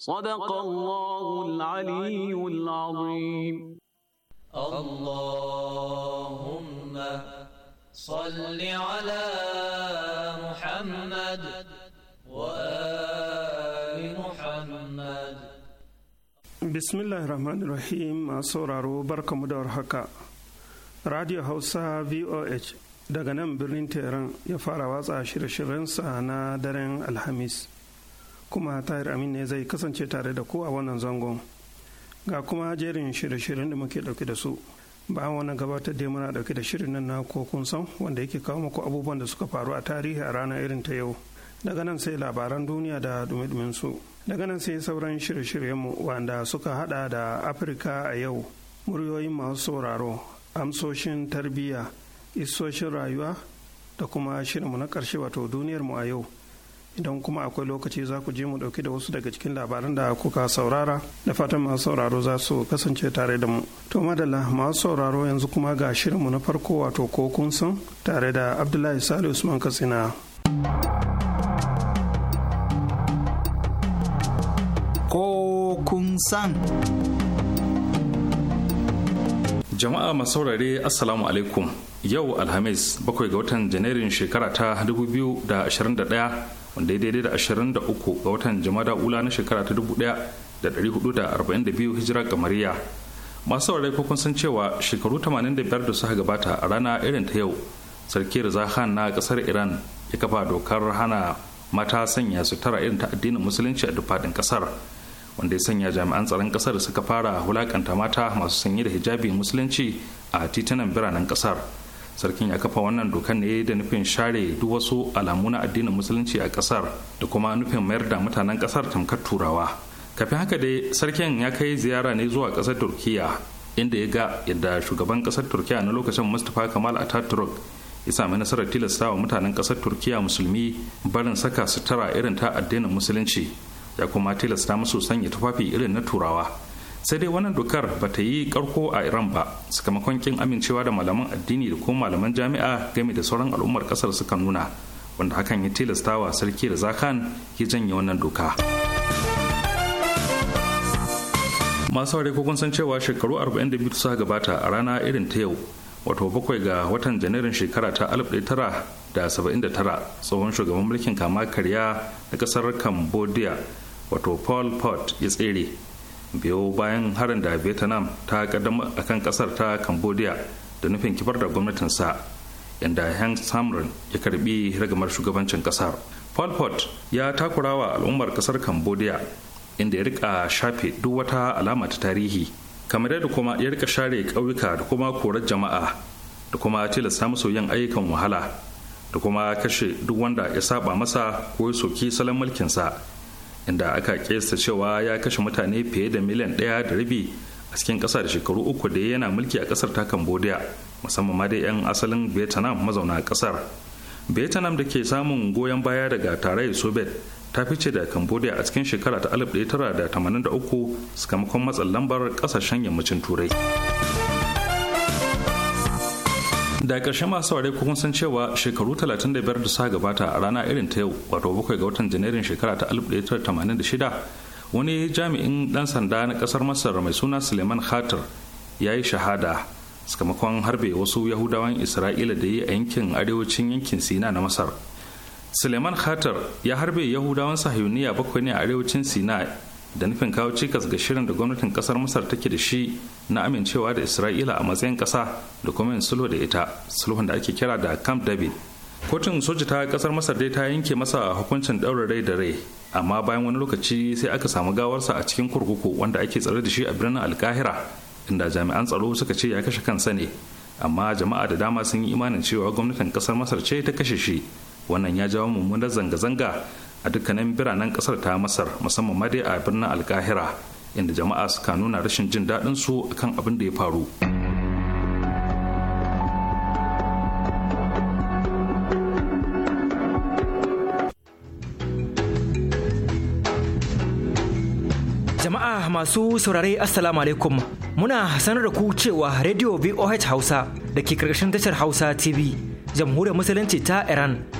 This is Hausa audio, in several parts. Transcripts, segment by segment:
صدق الله العلي العظيم اللهم صل على محمد وآل محمد بسم الله الرحمن الرحيم sauraro barkamu da haka. radiyo Hausa VOH daga nan birnin teran ya fara watsa shirye-shiryensa na daren Alhamis. kuma tahir amin ne zai kasance tare da ku a wannan zangon ga kuma jerin shirye-shiryen da muke dauke da su bayan wannan gabatar da muna dauke da shirin nan na ko kun san wanda yake kawo muku abubuwan da suka faru a tarihi a ranar irin ta yau daga nan sai labaran duniya da dumi su daga nan sai sauran shirye-shiryenmu wanda suka hada da afirka a yau muryoyin masu sauraro amsoshin tarbiyya isoshin rayuwa da kuma shirinmu na ƙarshe wato duniyarmu a yau idan kuma akwai lokaci za ku je mu dauki da wasu daga cikin labaran da kuka saurara da fatan masu sauraro za su kasance tare da mu to madalla masu sauraro yanzu kuma ga shirinmu na farko wato ko kun san tare da abdullahi sali usman katsina ko kun san jama'a masu saurare assalamu alaikum yau alhamis bakwai ga watan janairun shekara ta 2021 wanda ya daidai da 23 ga watan jama'a ula na shekara ta 1442 hijira kamariya masu saurare ko kun san cewa shekaru 85 da suka gabata a rana irin ta yau sarki Reza Khan na kasar Iran ya kafa dokar hana mata sanya sutura irin ta addinin musulunci a dufadin kasar wanda ya sanya jami'an tsaron kasar suka fara wulakanta mata masu sanye da hijabi musulunci a titunan biranen kasar. sarkin ya kafa wannan dokan ne da nufin share duk wasu alamu na addinin musulunci a kasar da kuma nufin mayar da mutanen kasar tamkar turawa kafin haka dai sarkin ya kai ziyara ne zuwa kasar turkiya inda ya ga yadda shugaban kasar turkiya na lokacin mustapha kamal ataturk ya sami nasarar tilasta wa mutanen kasar turkiya musulmi barin saka sutura irin ta addinin musulunci ya kuma tilasta musu sanya tufafi irin na turawa sai dai wannan dokar ba ta yi karko a iran ba sakamakon kin amincewa da malaman addini da kuma malaman jami'a game da sauran al'ummar kasar suka nuna wanda hakan ya tilastawa sarki da zakan ya janye wannan doka masu ware kun san cewa shekaru 42 suka gabata a rana irin ta yau wato bakwai ga watan janairun shekara ta 1979 tsohon shugaban mulkin kama karya na kasar cambodia wato paul pot ya tsere biyo bayan harin da vietnam ta kaddama akan kan kasar ta cambodia da nufin kifar da gwamnatin sa inda heng samrin ya karbi ragamar shugabancin kasar pol pot ya takura wa al'ummar kasar cambodia inda ya rika shafe duk wata alama ta tarihi kamar yadda kuma ya rika share ƙauyuka da kuma korar jama'a da kuma tilasta musu yin ayyukan wahala da kuma kashe duk wanda ya saba masa ko ya soki salon mulkinsa inda aka kesa cewa ya kashe mutane fiye da miliyan ɗaya da rabi a cikin ƙasa da shekaru uku da yana mulki a ƙasar ta cambodia musamman ma dai 'yan asalin vietnam mazauna ƙasar vietnam da ke samun goyon baya daga tarayyar soviet ta fice da cambodia a cikin shekara ta 1983 sakamakon matsalambar lambar ƙasashen yammacin turai da ƙarshe masu ware kun san cewa shekaru 35 da suka gabata a rana irin ta yau wato bakwai ga watan janairun shekara ta 1986 wani jami'in dan sanda na ƙasar masar mai suna suleiman khatir ya yi shahada sakamakon harbe wasu yahudawan isra'ila da yi a yankin arewacin yankin sina na masar suleiman khatar ya harbe yahudawan sahiyuniya bakwai ne a arewacin sina da nufin kawo cikas ga shirin da gwamnatin kasar masar take da shi na amincewa da isra'ila a matsayin kasa da kuma yin sulhu da ita sulhun da ake kira da camp david kotun Soja ta kasar masar dai ta yanke masa hukuncin daura rai da rai amma bayan wani lokaci sai aka samu gawarsa a cikin kurkuku wanda ake tsare da shi a birnin alkahira inda jami'an tsaro suka ce ya kashe kansa ne amma jama'a da dama sun yi imanin cewa gwamnatin kasar masar ce ta kashe shi wannan ya jawo mummunar zanga-zanga a dukkanin biranen kasar ta masar musamman ma dai a birnin alkahira inda jama'a suka nuna rashin jin daɗin su kan abin da ya faru jama'a masu saurare assalamu alaikum muna sanar da ku cewa radio voh hausa da ke karkashin tashar hausa tv jamhuriyar musulunci ta iran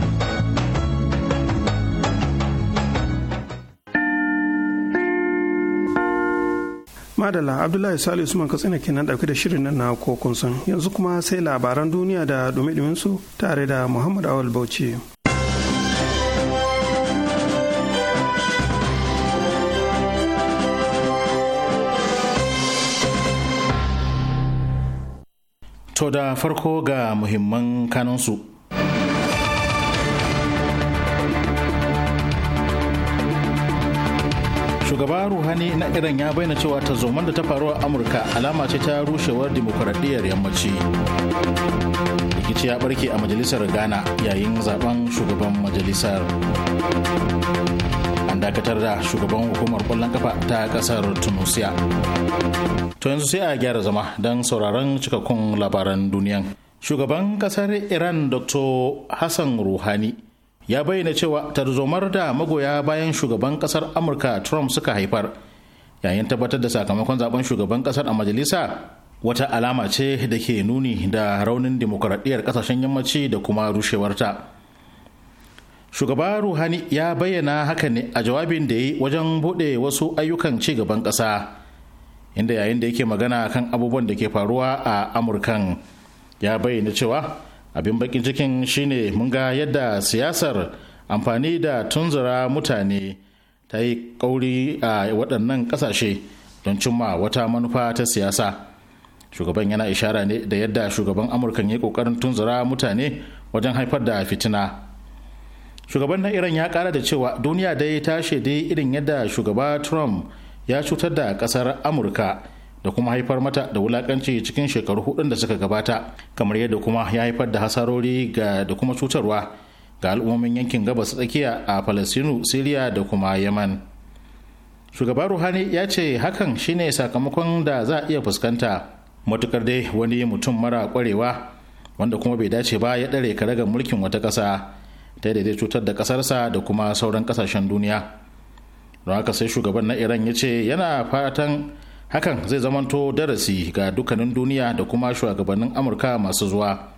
madala abdullahi salisu usman katsina kenan dauke da shirin nan na kokun san yanzu kuma sai labaran duniya da dumi su tare da muhammad awal bauchi to da farko ga muhimman kanansu shugaba ruhani na iran ya bayyana cewa tarzoman da ta faru a amurka alama ce ta rushewar dimokuraɗiyyar yammaci rikici ya barke a majalisar ghana yayin zaben shugaban majalisar an dakatar da shugaban hukumar kwallon kafa ta kasar tunisia to yanzu sai a gyara zama don sauraron cikakkun labaran duniyan shugaban kasar iran dr hassan ruhani ya bayyana cewa tarzomar da magoya bayan shugaban kasar amurka trump suka haifar yayin tabbatar da sakamakon zaben shugaban kasar a majalisa wata alama ce da ke nuni da raunin demokuraɗiyar kasashen yammaci da kuma rushewarta shugaba ruhani ya bayyana haka ne a jawabin da ya yi wajen buɗe wasu ayyukan ci gaban ƙasa inda yayin da yake magana kan abubuwan da ke faruwa a amurkan ya bayyana cewa abin bakin cikin shine mun ga yadda siyasar amfani da tunzura mutane ta yi kauri a waɗannan ƙasashe don cimma wata manufa ta siyasa shugaban yana ishara ne da yadda shugaban amurkan ya ƙoƙarin tunzura mutane wajen haifar da fitina shugaban na iran ya kara da cewa duniya dai ta shaidi irin yadda shugaba trump ya cutar da kasar amurka da kuma haifar mata da wulakanci cikin shekaru hudun da suka gabata kamar yadda kuma ya haifar da hasarori ga da kuma cutarwa ga al'ummomin yankin gabas tsakiya a palestinu siriya da kuma yaman shugaba ruhani ya ce hakan shine sakamakon da za a iya fuskanta matukar dai wani mutum mara kwarewa wanda kuma bai dace ba ya ɗare karagar mulkin wata ƙasa ta yi zai cutar da kasarsa da kuma sauran ƙasashen duniya don haka sai shugaban na iran ya ce yana fatan hakan zai zamanto darasi ga dukkanin duniya da kuma shugabannin amurka masu zuwa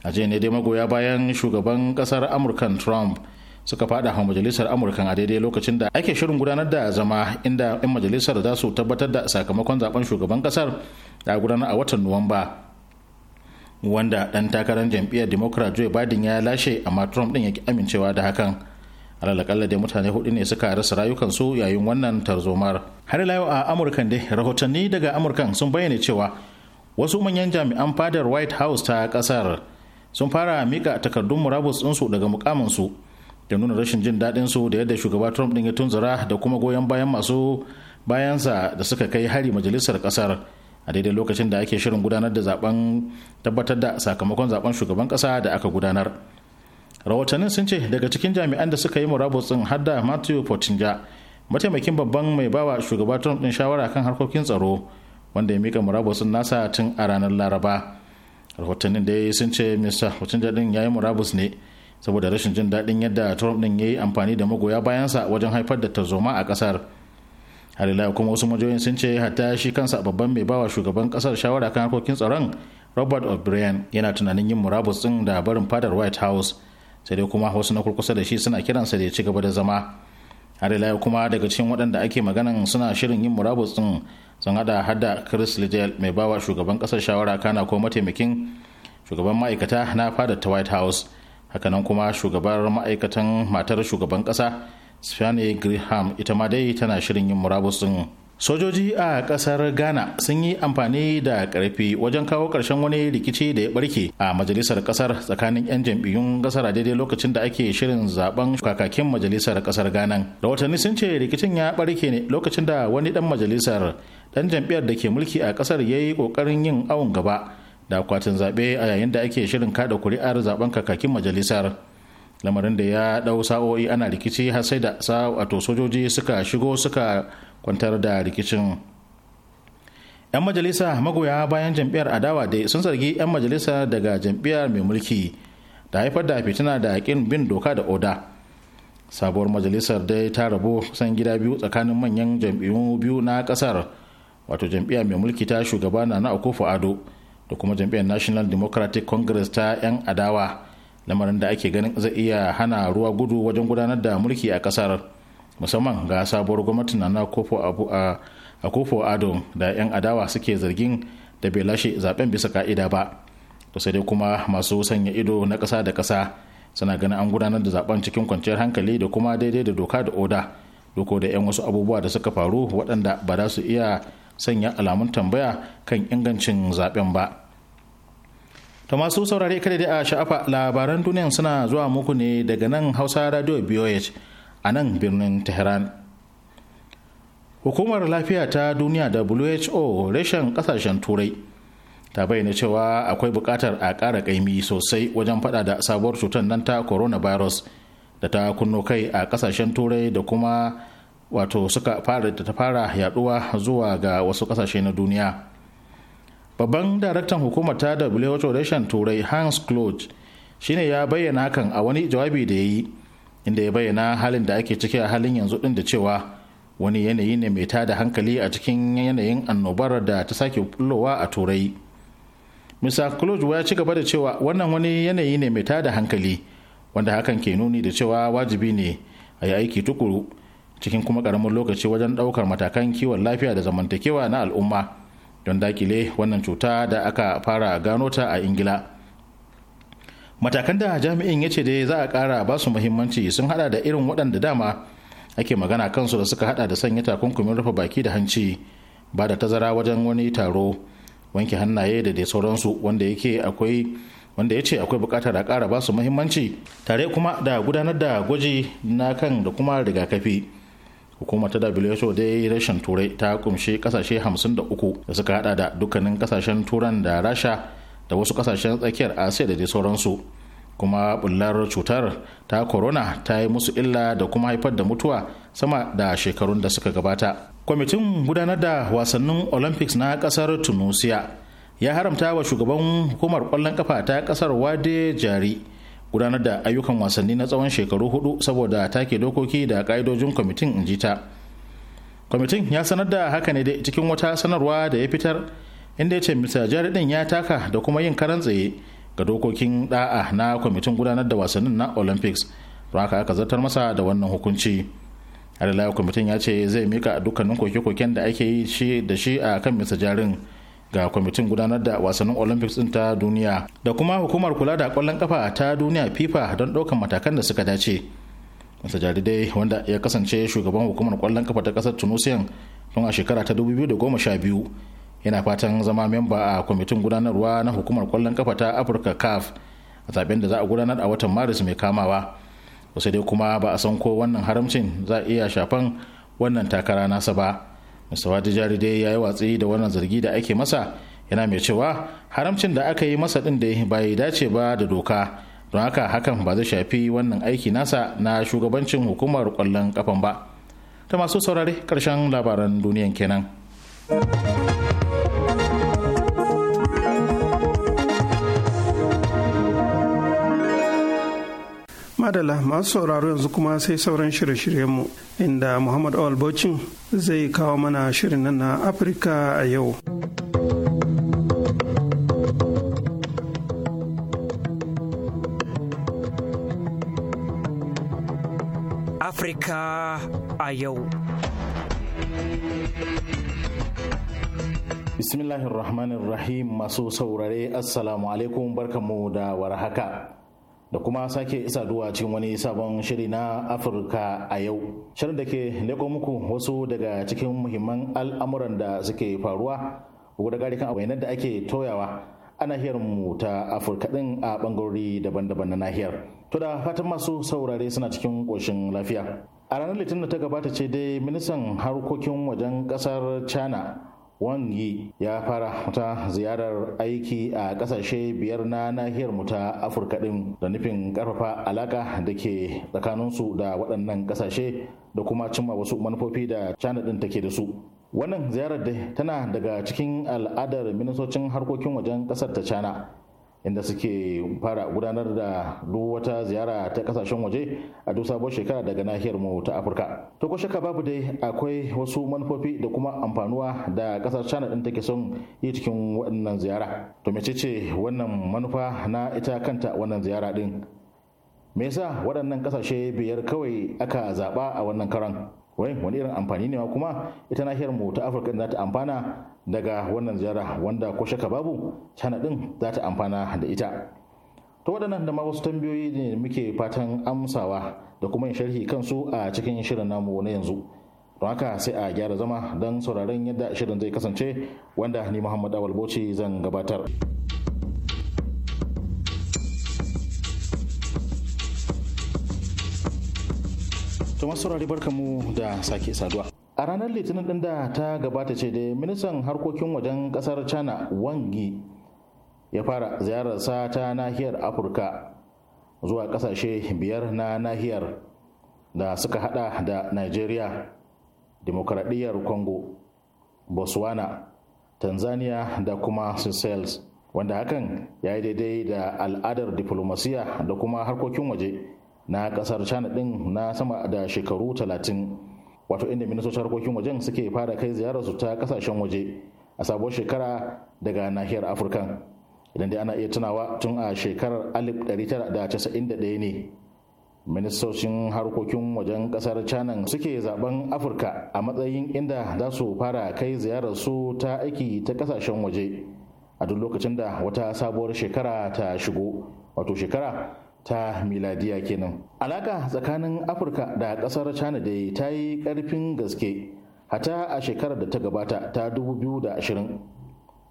a ne dai magoya bayan shugaban kasar amurkan trump suka fada a majalisar amurkan a daidai lokacin da ake shirin gudanar da zama inda 'yan majalisar za su tabbatar da sakamakon zaben shugaban kasar da gudanar a watan nuwamba wanda dan takarar jam'iyyar democrat joe biden ya lashe amma trump din ya ki amincewa da hakan alalakalla dai mutane hudu ne suka rasa rayukansu yayin wannan tarzomar har ila yau a amurkan dai rahotanni daga amurkan sun bayyana cewa wasu manyan jami'an fadar white house ta kasar sun fara mika takardun murabus ɗinsu daga mukaminsu da nuna rashin jin daɗinsu da yadda shugaba trump ɗin ya tunzura da kuma goyon bayan masu bayansa da suka kai hari majalisar kasar a daidai lokacin da ake shirin gudanar da zaben tabbatar da sakamakon zaben shugaban kasa da aka gudanar. rahotannin sun ce daga cikin jami'an da suka yi murabus har da matthew potinja mataimakin babban mai bawa shugaba trump din shawara kan harkokin tsaro wanda ya mika murabus din nasa tun a ranar laraba rahotannin da ya sun ce mr potinja din ya yi murabus ne saboda rashin jin daɗin yadda trump din ya yi amfani da magoya bayansa wajen haifar da tarzoma a ƙasar har ila kuma wasu majoyin sun ce hatta shi kansa babban mai bawa shugaban ƙasar shawara kan harkokin tsaron robert o'brien yana tunanin yin murabus din da barin fadar white house sai dai kuma wasu na kurkusa da shi suna kiransa da ya ci gaba da zama har ila kuma daga cikin waɗanda ake maganan suna shirin yin murabus din sun hada hada chris lidell mai bawa shugaban ƙasar shawara kana ko mataimakin shugaban ma'aikata na fada ta white house hakanan kuma shugabar ma'aikatan matar shugaban kasa Sphane Graham ita ma dai tana shirin yin murabus din sojoji a kasar ghana sun yi amfani da karfi wajen kawo karshen wani rikici da ya barke a majalisar kasar tsakanin 'yan jam'iyyun kasar a daidai lokacin da ake shirin zaben kakakin majalisar kasar ghana da watanni sun ce rikicin ya barke ne lokacin da wani dan majalisar dan jam'iyyar da ke mulki a kasar ya yi kokarin yin awon gaba da akwatin zaɓe a yayin da ake shirin kada kuri'ar zaben kakakin majalisar lamarin da ya ɗau sa'o'i ana rikici har sai da sa'o'i sojoji suka shigo suka kwantar da rikicin 'yan majalisa magoya bayan jam'iyar adawa dai sun zargi 'yan majalisa daga jam'iyar mai mulki da haifar da fitina da yakin bin doka da oda sabuwar majalisar dai ta rabu kusan gida biyu tsakanin manyan jam'iyyu biyu na kasar wato jam'iyyar mai mulki ta shugaba na na okufu ado da kuma jam'iyar national democratic congress ta 'yan adawa lamarin da ake ganin zai iya hana ruwa gudu wajen gudanar da mulki a kasar. musamman ga sabuwar gwamnati na kofo abu a kofo ado da 'yan adawa suke zargin da bai lashe zaben bisa ka'ida ba to sai dai kuma masu sanya ido na ƙasa da ƙasa suna ganin an gudanar da zaben cikin kwanciyar hankali da kuma daidai da doka da oda doko da 'yan wasu abubuwa da suka faru waɗanda ba za su iya sanya alamun tambaya kan ingancin zaben ba. To masu saurare kada da a sha'afa labaran duniyan suna zuwa muku ne daga nan Hausa Radio BOH a nan birnin tehran hukumar lafiya ta duniya who reshen kasashen turai ta bayyana cewa akwai bukatar a kara kaimi sosai wajen fada da sabuwar cutar nan ta coronavirus da ta kunno kai a kasashen turai da kuma wato suka fara da ta fara yaduwa zuwa ga wasu kasashe na duniya babban daraktan hukumar ta who reshen turai hans claude shine ya bayyana hakan a wani jawabi da ya yi inda ya bayyana halin da ake ciki a halin yanzu din da cewa wani yanayi ne mai tada hankali a cikin yanayin annobar da ta sake bullowa a turai mr klojuwa ya ci gaba da cewa wannan wani yanayi ne mai tada hankali wanda hakan ke nuni da cewa wajibi ne a yi aiki tukuru cikin kuma karamin lokaci wajen daukar matakan kiwon lafiya da zamantakewa na al'umma don dakile wannan cuta da aka fara gano ta a ingila matakan da jami'in ya ce dai za a kara ba su muhimmanci sun hada da irin waɗanda dama ake magana kansu da suka hada da sanya takunkumin rufe baki da hanci ba da tazara wajen wani taro wanke hannaye da dai sauransu wanda akwai ya ce akwai bukatar a kara ba su muhimmanci tare kuma da gudanar da gwaji na kan da kuma rigakafi hukumar ta who dai rashin turai ta kumshe kasashe 53 da suka hada da dukkanin kasashen turan da rasha da wasu kasashen tsakiyar asiya da dai sauransu kuma bullar cutar ta corona ta yi musu illa da kuma haifar da mutuwa sama da shekarun da suka gabata kwamitin gudanar da wasannin olympics na kasar tunisia ya haramta wa shugaban hukumar kwallon kafa ta kasar wade jari gudanar da ayyukan wasanni na tsawon shekaru hudu saboda take dokoki da ka'idojin kwamitin in ta kwamitin ya sanar da haka ne cikin wata sanarwa da ya fitar inda ya ce misa jari din ya taka da kuma yin karan tsaye ga dokokin da'a na kwamitin gudanar da wasannin na olympics don haka aka zartar masa da wannan hukunci adala kwamitin ya ce zai mika dukkanin koke-koken da ake yi da shi a kan mr jarin ga kwamitin gudanar da wasannin olympics din ta duniya da kuma hukumar kula da kwallon kafa ta duniya fifa don ɗaukan matakan da suka dace mr jaridai wanda ya kasance shugaban hukumar kwallon kafa ta kasar tunisian tun a shekara ta 2012 yana fatan zama memba a kwamitin gudanarwa na hukumar kwallon kafa ta afirka caf a zaben da za a gudanar a watan maris mai kamawa wasu dai kuma ba a san ko wannan haramcin za a iya shafan wannan takara nasa ba mr wadijari dai ya yi watsi da wannan zargi da ake masa yana mai cewa haramcin da aka yi masa din dai ya dace ba da doka don haka hakan ba zai shafi wannan aiki nasa na shugabancin hukumar kwallon kafan ba ta masu saurare karshen labaran duniyan kenan. madala masu sauraro yanzu kuma sai sauran shirye-shiryenmu inda muhammad awal bocin zai kawo mana shirin nan na afirka a yau afirka a yau bismillahirrahmanirrahim masu saurare assalamu alaikum barkamu da warhaka da kuma sake duwa cikin wani sabon shiri na afirka a yau shirin da ke leko muku wasu daga cikin muhimman al'amuran da suke faruwa ko da kan abubuwan da ake toyawa a nahiyar mu ta afirka din a bangarori daban-daban na nahiyar to da fatan masu saurare suna cikin ƙoshin lafiya a ranar litinin da ta gabata ce dai ministan harkokin wajen ƙasar china Wang ya fara ta ziyarar aiki a ƙasashe biyar na nahiyar mu ta Afirka din da nufin karfafa alaƙa da ke tsakaninsu da waɗannan ƙasashe da kuma cimma wasu manufofi da China din take da su. Wannan ziyarar da tana daga cikin al'adar ministocin harkokin wajen ƙasar ta China inda suke fara gudanar da duk wata ziyara ta kasashen waje a duk sabon shekara daga nahiyar mu ta afirka to ko shakka babu dai akwai wasu manufofi da kuma amfanuwa da kasar china din take son yi cikin wannan ziyara to mecece wannan manufa na ita kanta wannan ziyara din me yasa waɗannan kasashe biyar kawai aka zaɓa a wannan karan wai wani irin amfani ne kuma ita nahiyar mu ta afirka za ta amfana daga wannan ziyara wanda ko shaka babu china din za ta amfana da ita to waɗannan da ma wasu tambayoyi ne muke fatan amsawa da kuma yin sharhi kansu a cikin shirin namu na yanzu don haka sai a gyara zama don sauraron yadda shirin zai kasance wanda ni muhammad awal bauchi zan gabatar to masu barkamu da sake saduwa a ranar litinin din da ta gabata ce da ministan harkokin wajen kasar china wangi ya fara ziyararsa ta nahiyar afirka zuwa kasashe biyar na nahiyar da suka hada da nigeria demokradiyyar congo botswana tanzania da kuma seychelles wanda hakan ya yi daidai da al'adar diplomasiya da kuma harkokin waje na kasar china din na sama da shekaru talatin. wato inda ministocin harkokin wajen suke fara kai ziyararsu ta kasashen waje a sabuwar shekara daga nahiyar afirka idan dai ana iya tunawa tun a shekarar 1991 ne ministocin harkokin wajen kasar china suke zaben afirka a matsayin inda za su fara kai ziyararsu ta aiki ta kasashen waje a duk lokacin da wata sabuwar shekara ta shigo wato shekara ta miladiya kenan alaka tsakanin afirka da ƙasar china dai ta yi ƙarfin gaske hata a shekarar da ta gabata ta 2020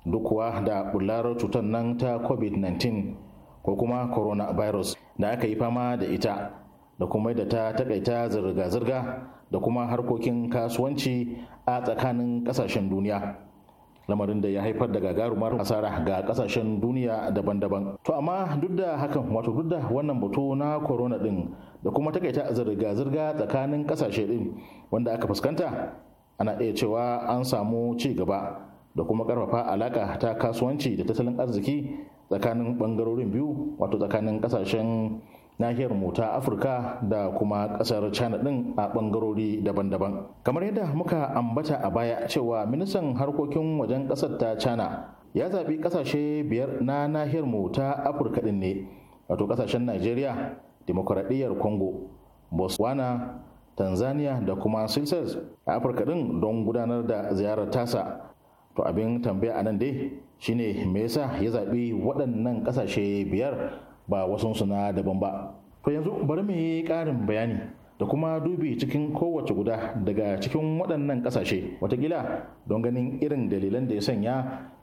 duk kuwa da bular cutar nan ta covid-19 ko kuma coronavirus da aka yi fama da ita da kuma da ta takaita zirga-zirga da kuma harkokin kasuwanci a tsakanin ƙasashen duniya lamarin da ya haifar da gagarumar asara ga kasashen duniya daban-daban to amma duk da hakan wato duk da wannan batu na corona din da kuma takaita zirga-zirga tsakanin kasashe din wanda aka fuskanta ana iya cewa an samu ci gaba da kuma karfafa alaka ta kasuwanci da tattalin arziki tsakanin bangarorin biyu wato tsakanin kasashen nahiyar mota afirka da kuma kasar china din a bangarori daban-daban kamar yadda muka ambata a baya cewa ministan harkokin wajen kasar ta china ya zaɓi kasashe biyar na nahiyar mota afirka din ne wato kasashen nigeria demokuraɗiyyar congo botswana tanzania da kuma seychelles a afirka din don gudanar da ziyarar tasa to abin tambaya a nan dai shine me yasa ya zaɓi waɗannan ƙasashe biyar ba wasansu na daban ba to yanzu bari mu yi ƙarin bayani da kuma dubi cikin kowace guda daga cikin waɗannan ƙasashe watakila don ganin irin dalilan da ya sanya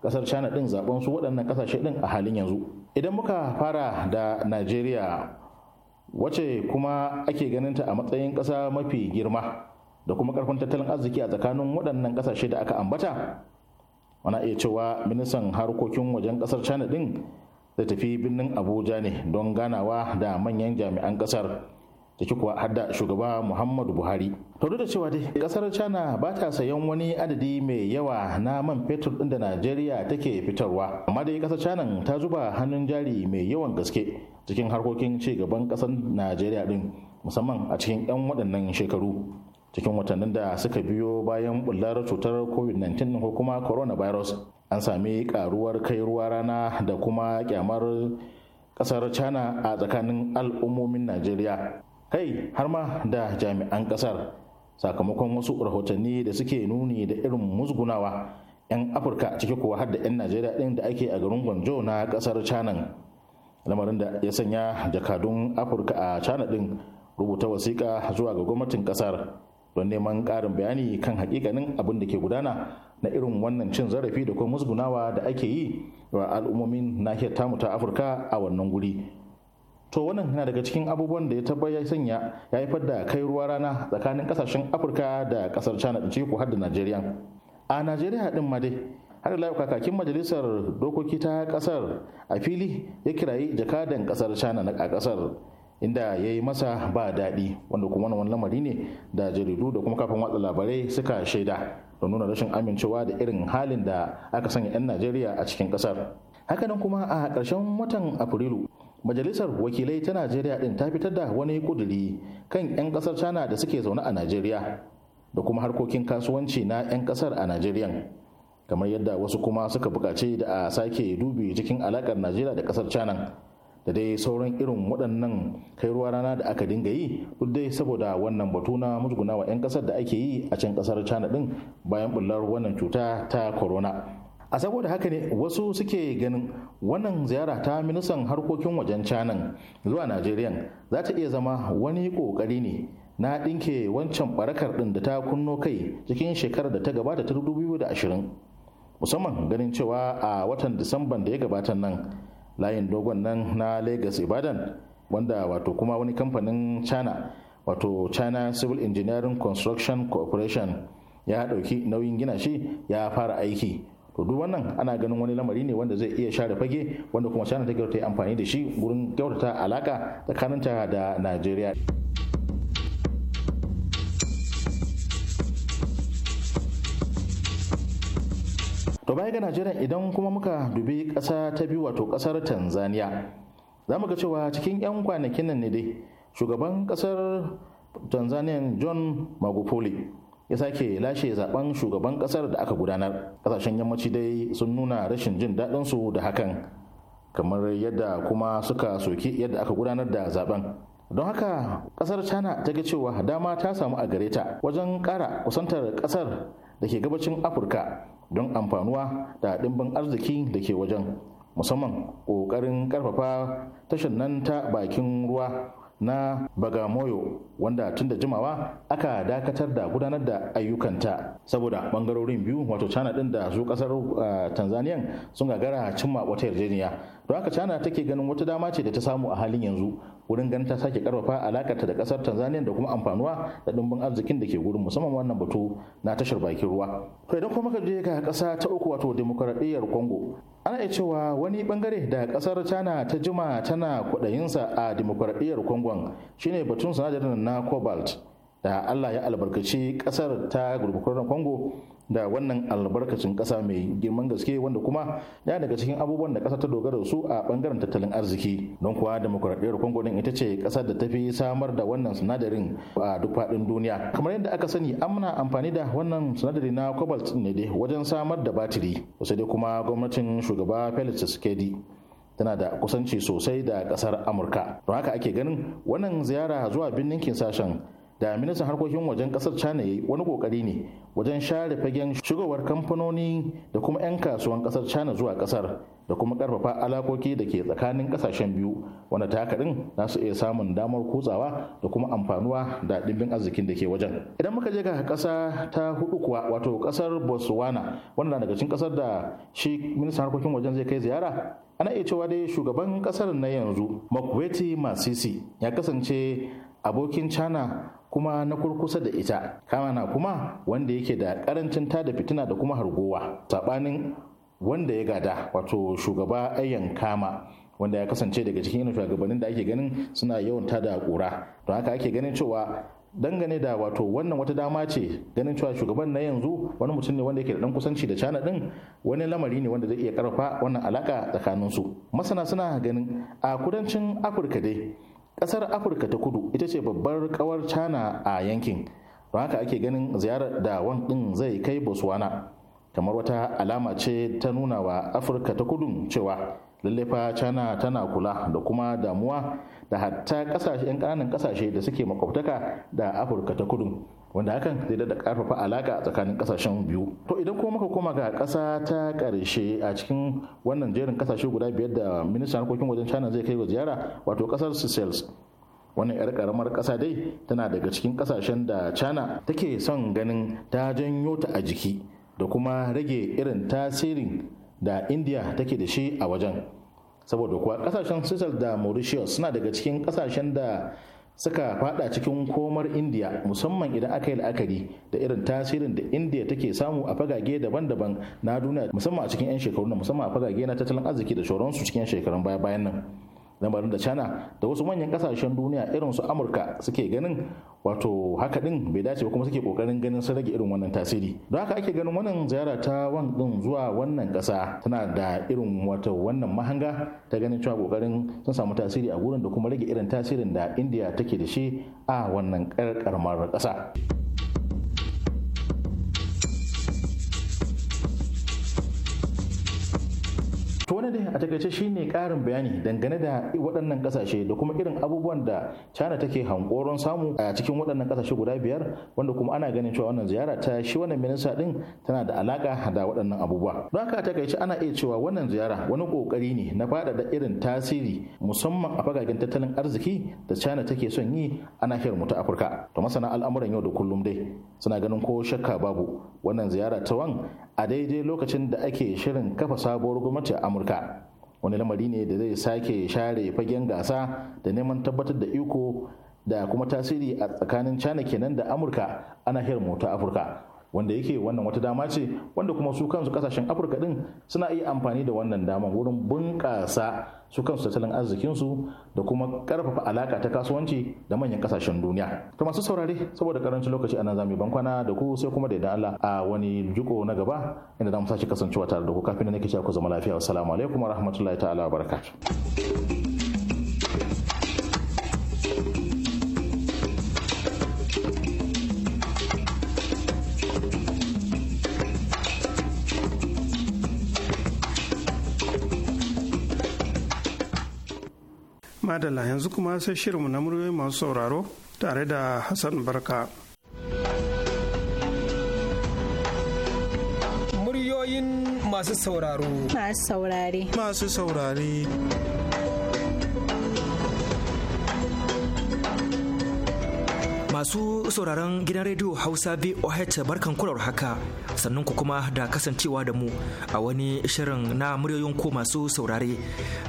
ƙasar china ɗin zaben su waɗannan ƙasashe ɗin a halin yanzu idan muka fara da najeriya wace kuma ake ganinta a matsayin ƙasa mafi girma da kuma ƙarfin tattalin arziki a tsakanin waɗannan ƙasashe da aka ambata Wana iya cewa ministan harkokin wajen ƙasar china ɗin zai tafi birnin abuja ne don ganawa da manyan jami'an kasar ciki kuwa hadda shugaba muhammadu buhari tare da cewa dai kasar china ba ta sayan wani adadi mai yawa na man fetur din da najeriya take fitarwa amma dai kasar china ta zuba hannun jari mai yawan gaske cikin harkokin ci gaban kasar najeriya din musamman a cikin 'yan waɗannan shekaru cikin watannin da suka biyo bayan bullar cutar covid-19 ko kuma coronavirus an sami karuwar kai ruwa rana da kuma kyamar kasar china a tsakanin al'ummomin najeriya kai har ma da jami'an kasar sakamakon wasu rahotanni da suke nuni da irin musgunawa 'yan afirka ciki kuwa har da 'yan najeriya ɗin da ake a garin gwanjo na kasar china lamarin da ya sanya jakadun afirka a china ɗin rubuta wasiƙa zuwa ga gwamnatin kasar don neman ƙarin bayani kan hakikanin abin da ke gudana na irin wannan cin zarafi da kuma musgunawa da ake yi wa al'ummomin nahiyar tamu ta afirka a wannan guri to wannan yana daga cikin abubuwan da ya tabbaya sanya ya haifar da kai ruwa rana tsakanin kasashen afirka da kasar china da ciki har da najeriya a najeriya din ma dai har da kakakin majalisar dokoki ta kasar a fili ya kirayi jakadan kasar china na kasar inda ya yi masa ba daɗi wanda kuma wannan lamari ne da jaridu da kuma kafin watsa labarai suka shaida don nuna rashin amincewa da irin halin da aka sanya 'yan najeriya a cikin kasar hakanan kuma a ƙarshen watan afrilu majalisar wakilai ta najeriya ɗin ta fitar da wani ƙuduri kan 'yan kasar china da suke zaune a najeriya da kuma harkokin kasuwanci na 'yan kasar a najeriya kamar yadda wasu kuma suka buƙaci da a sake dubi cikin alaƙar najeriya da ƙasar china da dai sauran irin waɗannan kai ruwa rana da aka dinga yi duk dai saboda wannan batu na wa 'yan ƙasar da ake yi a can ƙasar china ɗin bayan bullar wannan cuta ta corona a saboda haka ne wasu suke ganin wannan ziyara ta ministan harkokin wajen canan zuwa nigeria za ta iya zama wani ƙoƙari ne na ɗinke wancan barakar ɗin da ta kunno kai cikin shekarar da ta gabata ta 2020 musamman ganin cewa a watan disamban da ya gabata nan layin dogon nan na lagos ibadan wanda wato kuma wani kamfanin china wato china civil engineering construction corporation ya dauki nauyin gina shi ya fara aiki to duk wannan ana ganin wani lamari ne wanda zai iya share fage wanda kuma china ta yi amfani da shi gurin kyautata alaka tsakaninta da nigeria. to baya ga najeriya idan kuma muka dubi ƙasa ta biyu wato ƙasar tanzania za mu ga cewa cikin 'yan kwanakin nan ne dai shugaban ƙasar tanzania john magufuli ya sake lashe zaben shugaban ƙasar da aka gudanar ƙasashen yammaci dai sun nuna rashin jin su da hakan kamar yadda kuma suka soki yadda aka gudanar da zaben don haka ƙasar china ta ga cewa dama ta samu a gare ta wajen kara kusantar kasar da ke gabacin afirka don amfanuwa da ɗimbin arziki da ke wajen musamman ƙoƙarin ƙarfafa tashar nan ta bakin ruwa na bagamoyo wanda tun da jimawa aka dakatar da gudanar da ayyukanta saboda bangarorin biyu wato china ɗin da su kasar tanzania sun gagara cimma wata yarjejeniya don haka china take ganin wata dama ce da ta samu a halin yanzu wurin ganin ta sake karfafa ta da kasar tanzania da kuma amfanuwa da dimbin arzikin da ke gurin musamman wannan batu na tashar bakin ruwa to idan kuma ka je ga kasa ta uku wato demokaradiyyar congo ana iya cewa wani bangare da kasar china ta jima tana kudayinsa a demokaradiyyar congo shine batun sinadarin na cobalt da allah ya albarkaci kasar ta gurbukurar congo da wannan albarkacin ƙasa mai girman gaske wanda kuma ya daga cikin abubuwan da ƙasa ta dogara su a ɓangaren tattalin arziki don kuwa demokuraɗiyar congo din ita ce ƙasa da ta fi samar da wannan sinadarin a duk faɗin duniya kamar yadda aka sani amna amfani da wannan sinadari na cobalt ne dai wajen samar da batiri sai dai kuma gwamnatin shugaba felix tshisekedi tana da kusanci sosai da kasar amurka don haka ake ganin wannan ziyara zuwa birnin kinsashen da ministan harkokin wajen kasar china ya yi wani kokari ne wajen share fagen shigowar kamfanoni da kuma 'yan kasuwan kasar china zuwa kasar da kuma karfafa alakoki da ke tsakanin kasashen biyu wanda ta haka za su iya samun damar kutsawa da kuma amfanuwa da dimbin arzikin da ke wajen idan muka je ga ƙasa ta hudu kuwa wato kasar botswana wanda daga cikin kasar da shi ministan harkokin wajen zai kai ziyara ana iya cewa dai shugaban ƙasar na yanzu makweti masisi ya kasance abokin china kuma na kurkusa da ita kama na kuma wanda yake da karancin tada fitina da kuma hargowa sabanin wanda ya gada wato shugaba ayyan kama wanda ya kasance daga cikin yin shugabannin da ake ganin suna yawan tada kura don haka ake ganin cewa dangane da wato wannan wata dama ce ganin cewa shugaban na yanzu wani mutum ne wanda yake da dan kusanci da cana din wani lamari ne wanda zai iya karfa wannan alaka tsakanin su masana suna ganin a kudancin afirka dai kasar afirka ta kudu ita ce babbar kawar china a yankin don haka ake ganin ziyarar da wan din zai kai botswana kamar wata alama ce ta nuna wa afirka ta kudu cewa lallefa china tana kula da kuma damuwa da hatta 'yan ƙananan kasashe da suke makwabtaka da afirka ta kudu wanda hakan zai da karfafa alaka tsakanin kasashen biyu to idan kuma muka koma ga kasa ta karshe a cikin wannan jerin kasashe guda biyar da ministan harkokin wajen china zai kai wa ziyara wato kasar seychelles wannan 'yar karamar kasa dai tana daga cikin kasashen da china take son ganin ta janyo ta a jiki da kuma rage irin tasirin da india take da shi a wajen saboda kuwa kasashen seychelles da mauritius suna daga cikin kasashen da suka fada cikin komar indiya musamman idan aka yi la'akari da irin tasirin da indiya take samu a fagage daban-daban na duniya musamman a cikin 'yan shekaru na musamman a fagage na tattalin arziki da shauransu cikin shekarun baya-bayan nan lamarin da china da wasu manyan kasashen duniya irin su amurka suke ganin wato haka din bai dace ba kuma suke kokarin ganin sun rage irin wannan tasiri don haka ake ganin wannan ziyara ta wan din zuwa wannan kasa tana da irin wato wannan mahanga ta ganin cewa kokarin sun samu tasiri a gurin da kuma rage irin tasirin da india take da shi a wannan karkarmar kasa. wannan dai a takaice shine karin bayani dangane da waɗannan kasashe da kuma irin abubuwan da china take hankoron samu a cikin waɗannan kasashe guda biyar wanda kuma ana ganin cewa wannan ziyara ta shi wannan minista din tana da alaka da waɗannan abubuwa don haka a takaice ana iya cewa wannan ziyara wani kokari ne na faɗaɗa irin tasiri musamman a fagagen tattalin arziki da china take son yi a nahiyar mu ta afirka to masana al'amuran yau da kullum dai suna ganin ko shakka babu wannan ziyara ta wan a daidai lokacin da ake shirin kafa sabuwar gwamnati a amurka wani lamari ne da zai sake share fagen gasa da neman tabbatar da iko da kuma tasiri a tsakanin china kenan da amurka ana hirar mota afirka wanda yake wannan wata dama ce wanda kuma su kansu kasashen afirka din suna iya amfani da wannan dama wurin bunƙasa su kansu tattalin arzikinsu da kuma ƙarfafa alaƙa ta kasuwanci da manyan kasashen duniya to masu saurare saboda karancin lokaci anan zamu bankwana da ku sai kuma da idan Allah a wani jiko na gaba inda zamu sake kasancewa tare da ku kafin nake cewa ku zama lafiya assalamu alaikum warahmatullahi ta'ala wabarakatuh Madalla yanzu kuma sai shirinmu na muryoyi masu sauraro tare da Hassan Barka. Muryoyin masu sauraro. Masu saurare. Masu saurare. Masu sauraron gidan rediyo Hausa VOH barkan kular haka sannan ku kuma da kasancewa da mu a wani shirin na muryoyin ku masu saurare.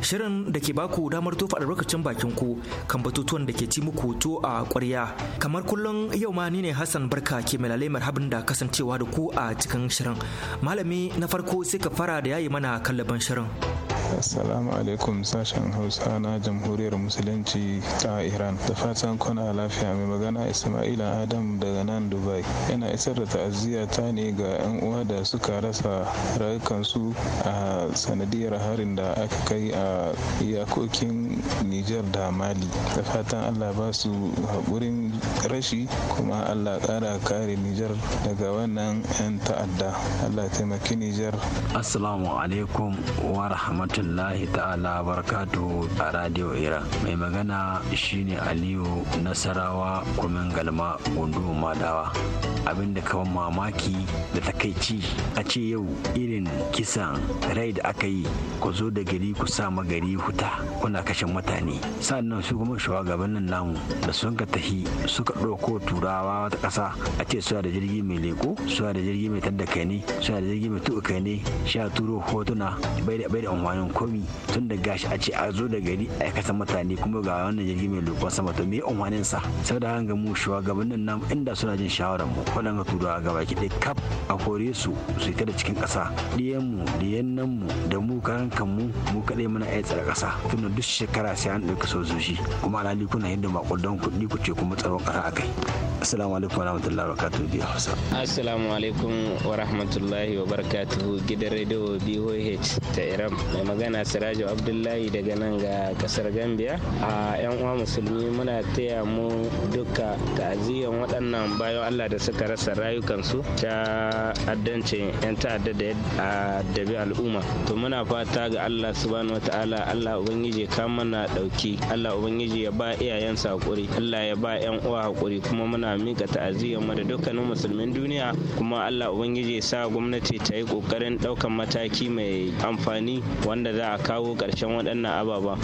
Shirin da ke baku damar tofa lokacin bakin ku kan batutuwan da ke ci muku to a ƙwarya. Kamar kullum yau ma ni ne Hassan Barka ke malalai marhabin da kasancewa da ku a cikin shirin. Malami na farko sai ka fara da yayi mana kallaban shirin. assalamu alaikum sashen hausa na jamhuriyar musulunci ta iran da fatan kuna lafiya mai magana ismaila adam daga nan dubai yana isar da ta'aziyya ta ne ga 'yan uwa da suka rasa rayukansu a sanadiyar harin da aka kai a iyakokin nijar da mali da fatan allah ba su haƙurin rashi kuma allah ƙara kare nijar daga wannan 'yan ta'adda allah taimaki nijar assalamu alaikum wa rahmatu rahmatullahi ta'ala barkatu a radio iran mai magana shine aliyu nasarawa kumin galma gundu madawa abin da kawan mamaki da takaici a ce yau irin kisan rai da aka yi ku zo da gari ku sa magari huta kuna kashe mutane sannan su kuma shugaban nan namu da sun ka tahi suka ɗauko turawa wata ƙasa a ce suna da jirgi mai leko suna da jirgi mai tadda kai ne suna da jirgi mai tuka kai ne sha turo hotuna bai da amfanin wannan komi tun da gashi a ce a zo da gari a kasa mutane kuma ga wannan jirgi mai lokon sama to me unwanin sa da hanga mu shugabannin nan inda suna jin shawaran mu waɗanda turawa gaba ki dai kaf a kore su su ta da cikin kasa diyan mu diyan nan mu da mu karan kanmu mu kaɗai muna iya tsare tun da duk shekara sai an dauki sojoji kuma alhali kuna yadda maƙudan kuɗi ku ce kuma tsaron kasa akai. assalamu alaikum wa rahmatullahi wa barakatuhu biyu hausa assalamu alaikum wa rahmatullahi wa barakatuhu gidan rediyo boh ta iran mai magana siraju abdullahi daga nan ga kasar gambia a yan uwa musulmi muna taya mu duka ta'aziyyar waɗannan bayan allah da suka rasa rayukansu ta addancin yan ta'adda da dabi al'umma to muna fata ga allah subhanahu ta'ala, allah ubangiji ka mana ɗauki, allah ubangiji ya ba iyayensa hakuri allah ya ba yan uwa hakuri kuma muna muna mika ta'aziyyar mu da dukkanin musulmin duniya kuma Allah ubangiji ya sa gwamnati ta yi kokarin daukan mataki mai amfani wanda za a kawo ƙarshen waɗannan ababa.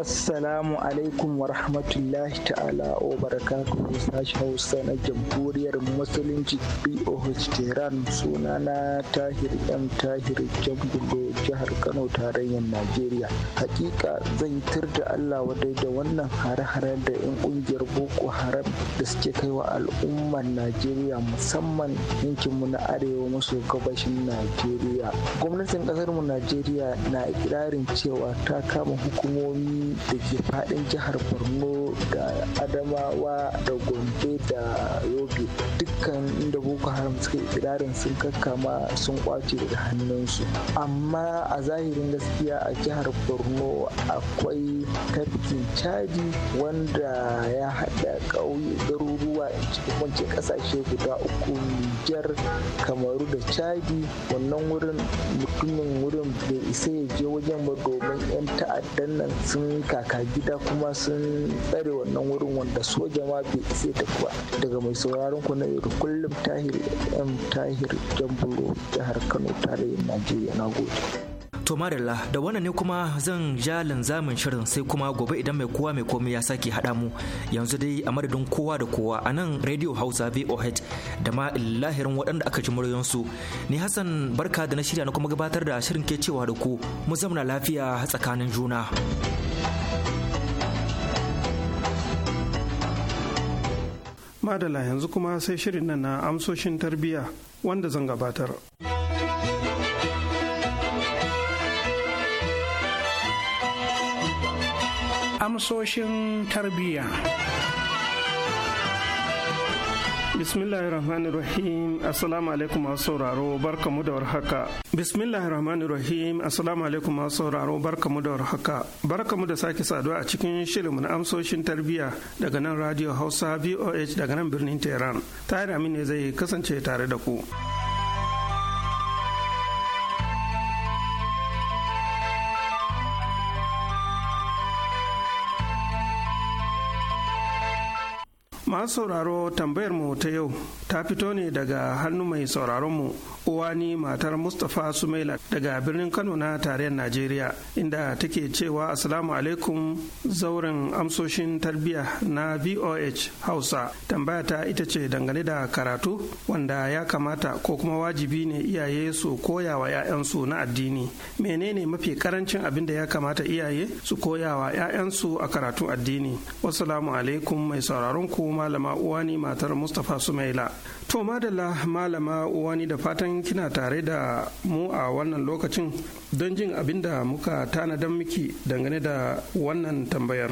Assalamu alaikum wa rahmatullahi ta'ala wa barakatuhu sashi Hausa na jamhuriyar musulunci BOH Tehran sunana Tahir M Tahir Jambulo jihar Kano tarayyar Najeriya. Hakika zan tir da Allah wadai da wannan hare hare da 'yan ƙungiyar Boko Haram da suke kaiwa al'ummar najeriya musamman yankinmu na arewa maso gabashin najeriya gwamnatin mu najeriya na ikirarin cewa ta kama hukumomi da ke fadin jihar borno da adamawa da gombe da yobe dukkan inda boko haram suka ikirarin sun kakkama sun kwace daga hannunsu amma a zahirin gaskiya a jihar borno akwai tafkin caji wanda ya haɗa ƙauye garuruwa zuwa wance kasashe guda uku Nijar kamaru da chadi wannan wurin mutumin wurin bai isa ya je wajen ba domin 'yan ta'addan nan sun kaka gida kuma sun tsare wannan wurin wanda soja ma bai isa ta kuwa daga mai sauraron ku na yau kullum tahir m tahir jambulo jihar kano tarayyar najeriya na gode. To marilla da wannan ne kuma zan ja linzamin shirin sai kuma gobe idan mai kowa mai komai ya sake haɗa mu yanzu dai a madadin kowa da kowa a nan Radio Hausa VOH da ma lahirin waɗanda aka ji muryoyinsu. Ni Hassan barka da na shirya na kuma gabatar da shirin ke cewa da ku mu zamna lafiya tsakanin juna. Madala yanzu kuma sai shirin nan na amsoshin tarbiyya wanda zan gabatar. amsoshin tarbiyya. bismillahir rahmanir rahim assalamu alaikum masu sauraro mu da warhaka bismillahir rahmanir rahim assalamu alaikum masu sauraro mu da warhaka mu da sake saduwa a cikin shirin amsoshin tarbiyya daga nan radio hausa voh daga nan birnin tehran tare da ne zai kasance tare da ku. masu sauraro tambayar mu ta yau ta fito ne daga hannu mai sauraron mu uwani matar mustapha sumaila daga birnin kano na tarayyar najeriya inda take cewa assalamu alaikum zauren amsoshin tarbiyya na voh hausa tambaya ta ita ce dangane da karatu wanda ya kamata ko kuma wajibi ne iyaye su koya wa 'ya'yansu na addini menene mafi karancin abin da ya kamata iyaye su koya wa 'ya'yansu a karatun addini wassalamu alaikum mai sauraron ku malama uwani matar mustapha sumaila to madalla malama uwani da fatan kina tare da mu a wannan lokacin don jin abin da muka tanadan miki dangane da wannan tambayar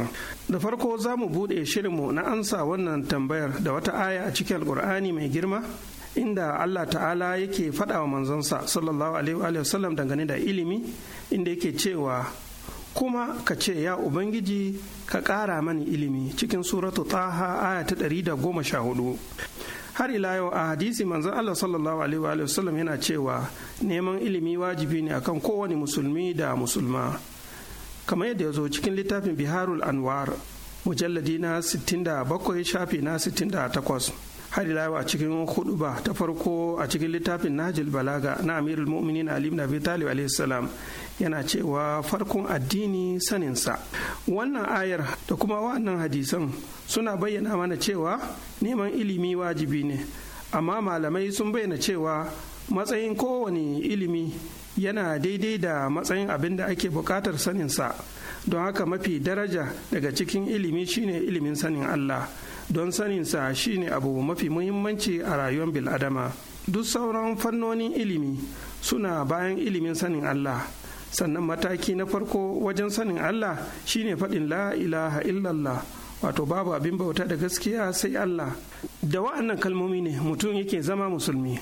da farko za mu buɗe shirinmu na ansa wannan tambayar da wata aya a cikin alkur'ani mai girma inda Allah ta'ala yake faɗa wa manzansa sallallahu alaihi wa sallam dangane da ilimi inda yake cewa kuma ka ce ya ubangiji ka ƙara mani ilimi cikin suratu taha aya ta ɗari da goma sha hudu har ila yau a hadisi manzo Allah sallallahu alaihi wa sallam yana cewa neman ilimi wajibi ne akan kowane musulmi da musulma kamar yadda ya zo cikin littafin biharul anwar mujalladi na 67 shafi na 68 har ila a cikin huduba ta farko a cikin littafin Najil Balaga na Amirul Mu'minin Ali ibn Abi Talib salam yana cewa farkon addini saninsa wannan ayar da kuma wannan hadisan suna bayyana mana cewa neman ilimi wajibi ne amma malamai sun bayyana cewa matsayin kowane ilimi yana daidai da matsayin abin da ake buƙatar saninsa don haka mafi daraja daga cikin ilimi shine ilimin sanin Allah don saninsa shine abu mafi muhimmanci a rayuwar bil'adama duk sauran fannonin ilimi suna bayan ilimin sanin Allah sannan mataki na farko wajen sanin Allah shine faɗin la ilaha illallah wato babu abin bauta da gaskiya sai Allah da wa'annan kalmomi ne mutum yake zama musulmi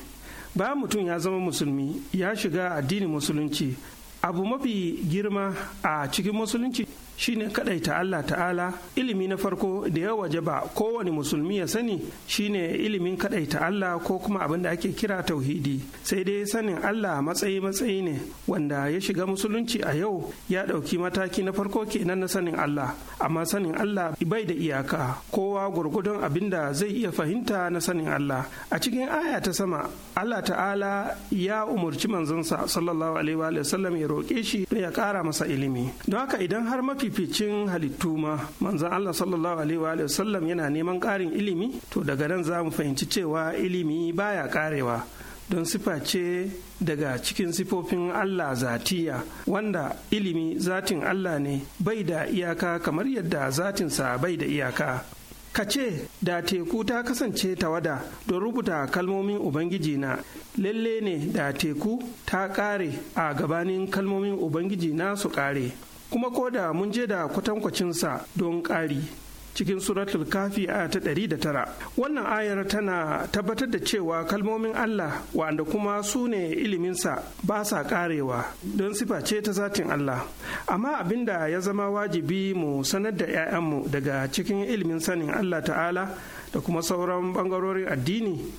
bayan mutum ya zama musulmi ya shiga addinin musulunci abu mafi girma a cikin musulunci shine kadaita Allah ta'ala ilimi na farko da ya waje ba kowane musulmi ya sani shine ilimin kadaita Allah ko kuma abin da ake kira tauhidi sai dai sanin Allah matsayi matsayi ne wanda ya shiga musulunci a yau ya ɗauki mataki na farko kenan na sanin Allah amma sanin Allah bai da iyaka kowa gurgudun abin da zai iya fahimta na sanin Allah a cikin aya ta sama Allah ta'ala ya umurci manzonsa sallallahu alaihi wa sallam ya roƙe shi ya ƙara masa ilimi don haka idan har mafi mafificin halittu ma manzon Allah sallallahu alaihi wa sallam yana neman ƙarin ilimi to daga nan za mu fahimci cewa ilimi baya ƙarewa don sifa ce daga cikin sifofin Allah zatiya wanda ilimi zatin Allah ne bai da iyaka kamar yadda zatinsa bai da iyaka ka ce da teku ta kasance tawada don rubuta kalmomin ubangiji na lalle ne da teku ta ƙare a gabanin kalmomin ubangiji na su ƙare kuma ko da mun je da kwatankwacinsa don ƙari cikin suratul kafi aya ta ɗari da tara wannan ayar tana tabbatar da cewa kalmomin Allah wa'anda kuma su ne iliminsa ba sa karewa don sifa ce ta zatin Allah amma abinda ya zama wajibi mu sanar da 'ya'yanmu daga cikin ilimin sanin Allah ta'ala da kuma sauran bangarorin addini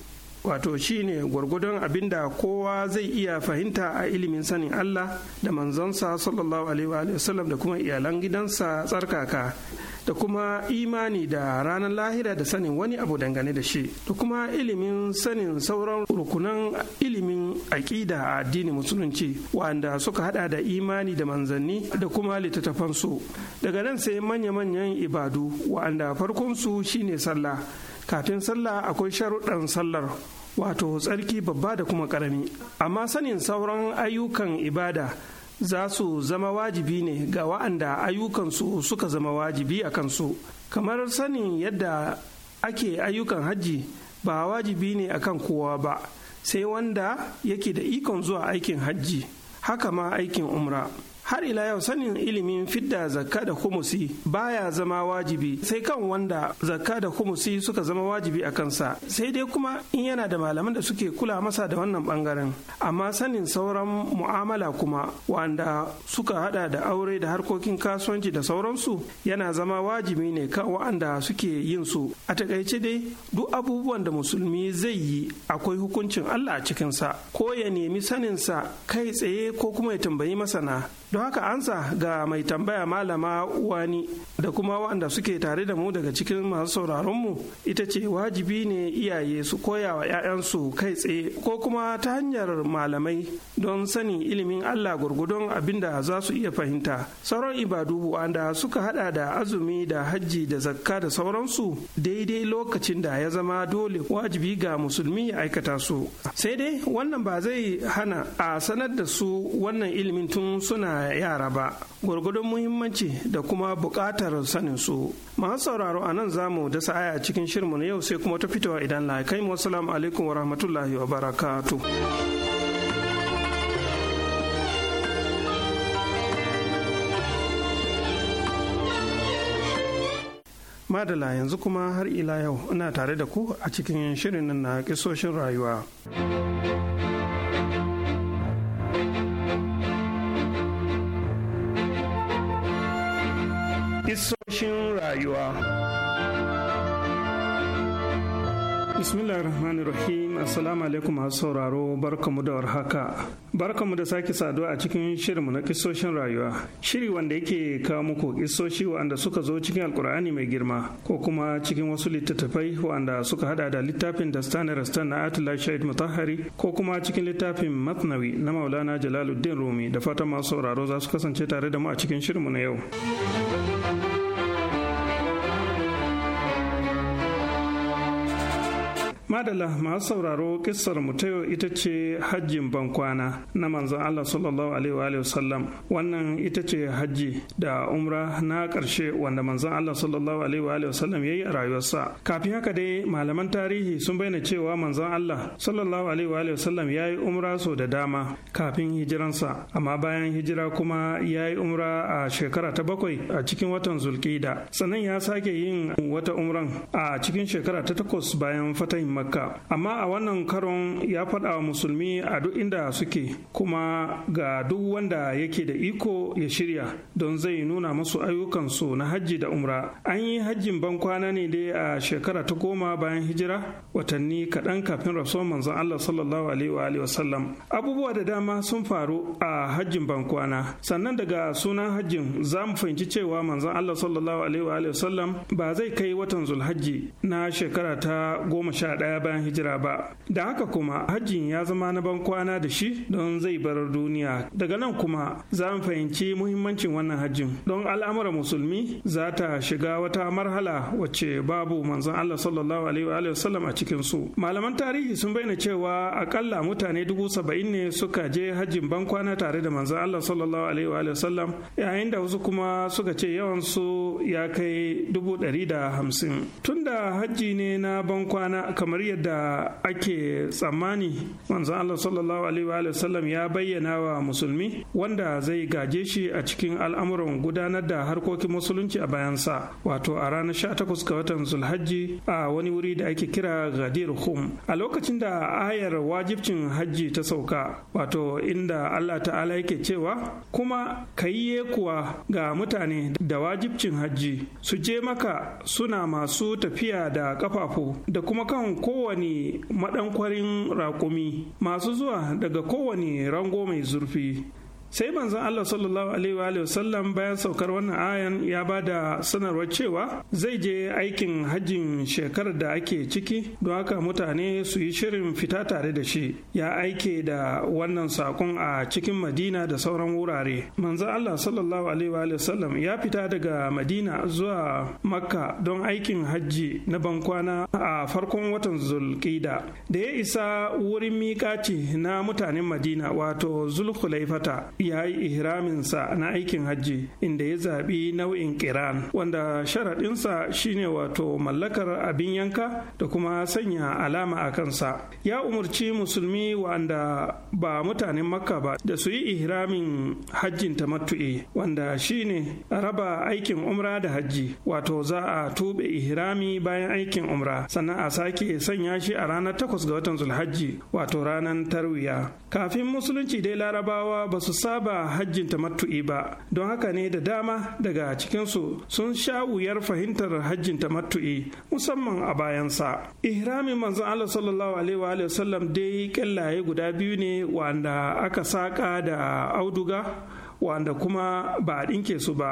wato shine gwargwadon abin da kowa zai iya fahimta a ilimin sanin Allah da manzansa, sallallahu alaihi wasallam da kuma iyalan gidansa tsarkaka da kuma imani da ranar lahira da sanin wani abu dangane da shi da kuma ilimin sanin sauran rukunan ilimin aƙida a addinin musulunci wanda suka hada da imani da manzanni da kuma littattafansu daga nan sai manya-manyan ibadu wa'anda farkonsu shine sallah kafin sallah akwai sharuɗan sallar wato tsarki babba da kuma ƙarami amma sanin sauran ayyukan ibada za su zama wajibi ne ga wa'anda ayyukansu suka zama wajibi a kansu kamar sanin yadda ake ayyukan hajji ba wajibi ne a kan kowa ba sai wanda yake da ikon zuwa aikin hajji haka ma aikin umra har ila yau sanin ilimin fidda zakka da kumusi baya zama wajibi sai kan wanda zakka da kumusi suka zama wajibi a kansa sai dai kuma in yana da malaman da suke kula masa da wannan bangaren amma sanin sauran mu'amala kuma wanda suka hada da aure da harkokin kasuwanci da sauransu yana zama wajibi ne kan wa'anda suke yin su a takaice dai duk abubuwan da musulmi zai yi akwai hukuncin Allah a cikinsa ko ya nemi saninsa kai tsaye ko kuma ya tambayi masana don haka ansa ga mai tambaya malama wani da kuma wanda suke tare da mu daga cikin masu sauraronmu ita ce wajibi ne iyaye su koya wa 'ya'yansu kai tsaye ko kuma ta hanyar malamai don sani ilimin allah gurgudon abin da za su iya fahimta sauran ibadu wanda suka hada da azumi da hajji da zakka da sauransu daidai lokacin da ya zama dole wajibi ga musulmi ya aikata su sai dai wannan ba zai hana a sanar da su wannan ilimin tun suna yara ba gwargwadon muhimmanci da kuma buƙatar sanin su masu sauraro a nan zamu dasa aya cikin shirmu na yau sai kuma ta fitowa idan la kai mu wasalamu alaikum wa rahmatullahi wa barakatu. madala yanzu kuma har ila yau ina tare da ku a cikin shirin na kisoshin rayuwa. Isoshin rayuwa. Bismillahirrahmanirrahim Assalamu alaikum masu sauraro barkamu da warhaka. Barkamu da sake saduwa a cikin shirinmu na kisoshin rayuwa. Shiri wanda yake kawo muku kisoshi wanda suka zo cikin Alkur'ani mai girma ko kuma cikin wasu littattafai wanda suka hada da littafin Dastan Rastan na Atula Shahid Mutahari ko kuma cikin littafin Matnawi na Maulana Jalaluddin Rumi da fatan masu sauraro za su kasance tare da mu a cikin shirinmu na yau. madala masu sauraro kissar mu ta yau ita ce hajjin bankwana na manzon Allah sallallahu alaihi wa sallam wannan ita ce hajji da umra na karshe wanda manzon Allah sallallahu alaihi wa sallam yayi a rayuwarsa kafin haka dai malaman tarihi sun bayyana cewa manzon Allah sallallahu alaihi wa sallam yayi umra so da dama kafin hijiransa amma bayan hijira kuma ya yi umra a shekara ta bakwai a cikin watan zulkida sannan ya sake yin wata umran a cikin shekara ta takwas bayan fatahin makka amma a wannan karon ya faɗa wa musulmi a duk inda suke kuma ga duk wanda yake da iko ya shirya don zai nuna masu ayyukansu na hajji da umra an yi hajjin ban kwana ne dai a shekara ta goma bayan hijira watanni kaɗan kafin rasuwar manzon allah sallallahu alaihi wa sallam abubuwa da dama sun faru a hajjin ban kwana sannan daga sunan hajjin za mu fahimci cewa manzon allah sallallahu alaihi wa sallam ba zai kai watan zulhajji na shekara ta goma sha ɗaya baya bayan hijira ba da haka kuma hajjin ya zama na ban kwana da shi don zai bar duniya daga nan kuma za mu fahimci muhimmancin wannan hajjin don al'amura musulmi za ta shiga wata marhala wacce babu manzon Allah sallallahu alaihi wa sallam a cikin su malaman tarihi sun bayyana cewa akalla mutane dubu saba'in ne suka je hajjin ban kwana tare da manzon Allah sallallahu alaihi wa sallam yayin da wasu kuma suka ce yawan su ya kai dubu ɗari da hamsin tunda hajji ne na ban kwana kamar kamar yadda ake tsammani manzon Allah sallallahu alaihi wa sallam ya bayyana wa musulmi wanda zai gaje shi a cikin al'amuran gudanar da harkokin musulunci a bayansa wato a ranar 18 ga watan Zulhajji a wani wuri da ake kira Ghadir Hum a lokacin da ayar wajibcin hajji ta sauka wato inda Allah ta'ala yake cewa kuma yi kuwa ga mutane da wajibcin hajji su je maka suna masu tafiya da kafafu da kuma kan kowane madankwarin raƙumi masu zuwa daga kowane rango mai zurfi sai manzon Allah sallallahu alaihi wa sallam bayan saukar wannan ayan ya ba da sanarwar cewa zai je aikin hajjin shekarar da ake ciki don haka mutane su yi shirin fita tare da shi ya aike da wannan sakon a cikin madina da sauran wurare manzon Allah sallallahu alaihi wa sallam ya fita daga madina zuwa makka don aikin hajji na bankwana a farkon watan zulkida da ya isa wurin miƙaci na mutanen madina wato zulkulaifata ya yi ihraminsa na aikin hajji inda ya zaɓi nau'in ƙiran wanda sharaɗinsa shine wato mallakar abin yanka da kuma sanya alama a kansa ya umarci musulmi wanda ba mutanen makka ba da su yi ihramin hajjin tamattu'i wanda shine raba aikin umra da hajji wato za a tuɓe ihrami bayan aikin umra sannan a sake sanya shi a ranar takwas ga watan zulhajji wato ranar tarwiya kafin musulunci dai larabawa ba su sa saba ba hajjin tamattu'i ba don haka ne da dama daga cikinsu sun sha wuyar fahimtar hajjin tamattu'i musamman a bayansa ihramin manzon Allah sallallahu alaihi wa sallam dai kyallaye guda biyu ne wanda aka saka da auduga wanda kuma ba a ɗinke su ba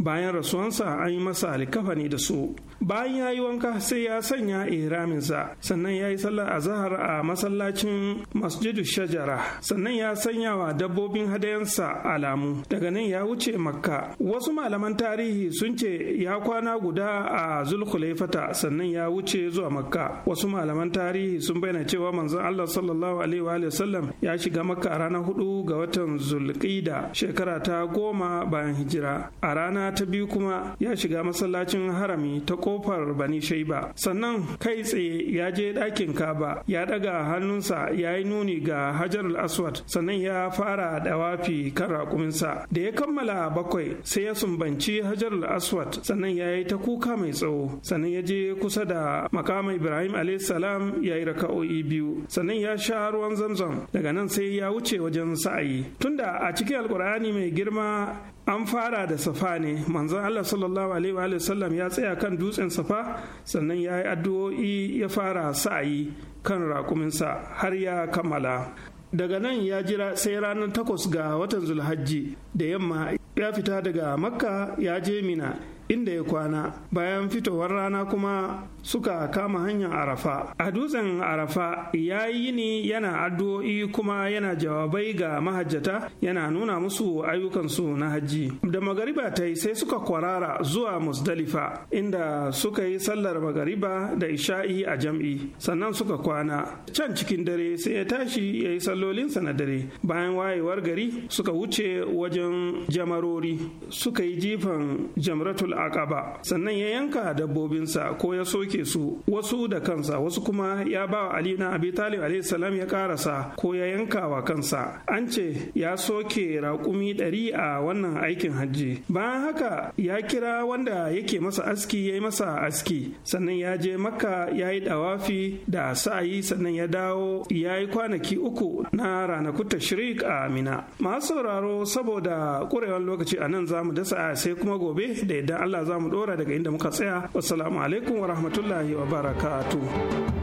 bayan rasuwansa an yi masa alkafani da su bayan ya yi wanka sai ya sanya ihraminsa sannan ya yi sallar azahar a masallacin masjidu shajara sannan ya sanya wa dabbobin hadayansa alamu daga nan ya wuce makka wasu malaman tarihi sun ce ya kwana guda a zulkulaifata sannan ya wuce zuwa makka wasu malaman tarihi sun bayyana cewa manzon allah sallallahu alaihi wa sallam ya shiga makka a ranar hudu ga watan zulkida shekara ta goma bayan hijira a rana ta biyu kuma ya shiga masallacin harami ta kofar bani shaiba sannan kai tsaye ya je ɗakin kaba ya ɗaga hannunsa ya yi nuni ga hajar aswad sannan ya fara dawafi kan raƙuminsa da ya kammala bakwai sai ya sumbanci hajar aswad sannan ya yi ta kuka mai tsawo sannan ya je kusa da makama ibrahim salam ya yi raka'o'i biyu sannan ya sha ruwan zamzam daga nan sai ya wuce wajen sa'ayi tunda a cikin alkur'ani mai girma an fara da safa ne manzon Allah sallallahu alaihi wa sallam ya tsaya kan dutsen safa sannan ya yi addu'o'i ya fara sa'ayi kan raƙuminsa har ya kammala daga nan ya jira sai ranar takwas ga watan zulhajji da yamma ya fita daga makka ya je mina inda ya kwana bayan fitowar rana kuma suka kama hanyar arafa a dutsen arafa ya yi ni yana addu'o'i kuma yana jawabai ga mahajjata yana nuna musu ayyukansu na hajji da magariba ta yi sai suka kwarara zuwa musdalifa inda suka yi sallar magariba da isha'i a jam'i sannan suka kwana can cikin dare sai ya tashi ya yi sallolinsa na dare bayan wayewar gari suka wuce wajen jamarori suka yi jifan jamratul akaba sannan ya yanka dabbobinsa ko ya soke kashe su wasu da kansa wasu kuma ya ba wa ali na abi talib alayhi salam ya karasa ko ya yanka wa kansa an ce ya soke raƙumi ɗari a wannan aikin hajji bayan haka ya kira wanda yake masa aski ya yi masa aski sannan ya je makka ya yi dawafi da sa'ayi sannan ya dawo ya yi kwanaki uku na ranakun tashrik a mina masu sauraro saboda ƙurewar lokaci a nan za mu dasa sai kuma gobe da idan allah za mu ɗora daga inda muka tsaya wassalamu alaikum wa rahmatullahi rahmatullahi wa barakatuh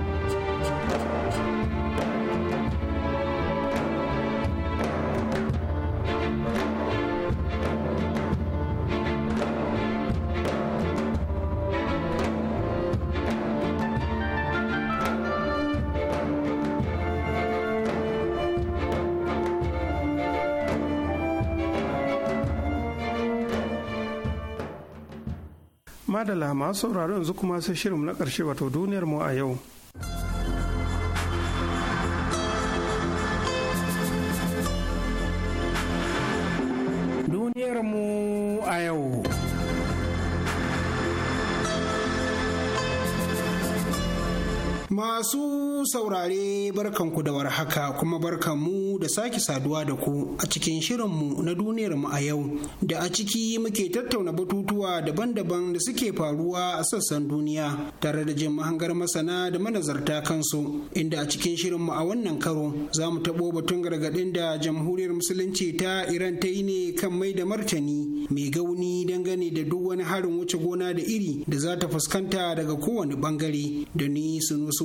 madala masu sauraro yanzu kuma sai shirin na ƙarshe wato duniyar mu a yau. Duniyar mu a yau. Masu saurare barkanku da warhaka kuma barkanmu da sake saduwa da ku a cikin shirinmu na duniyarmu a yau da a ciki muke tattauna batutuwa daban-daban da suke faruwa a sassan duniya tare da jin mahangar masana da manazarta kansu inda a cikin shirinmu a wannan karo za mu taɓo batun gargaɗin da jamhuriyar musulunci ta Iran ta yi ne kan mai da martani mai gauni dangane da duk wani harin wuce gona da iri da za ta fuskanta daga kowane bangare da ni sunusu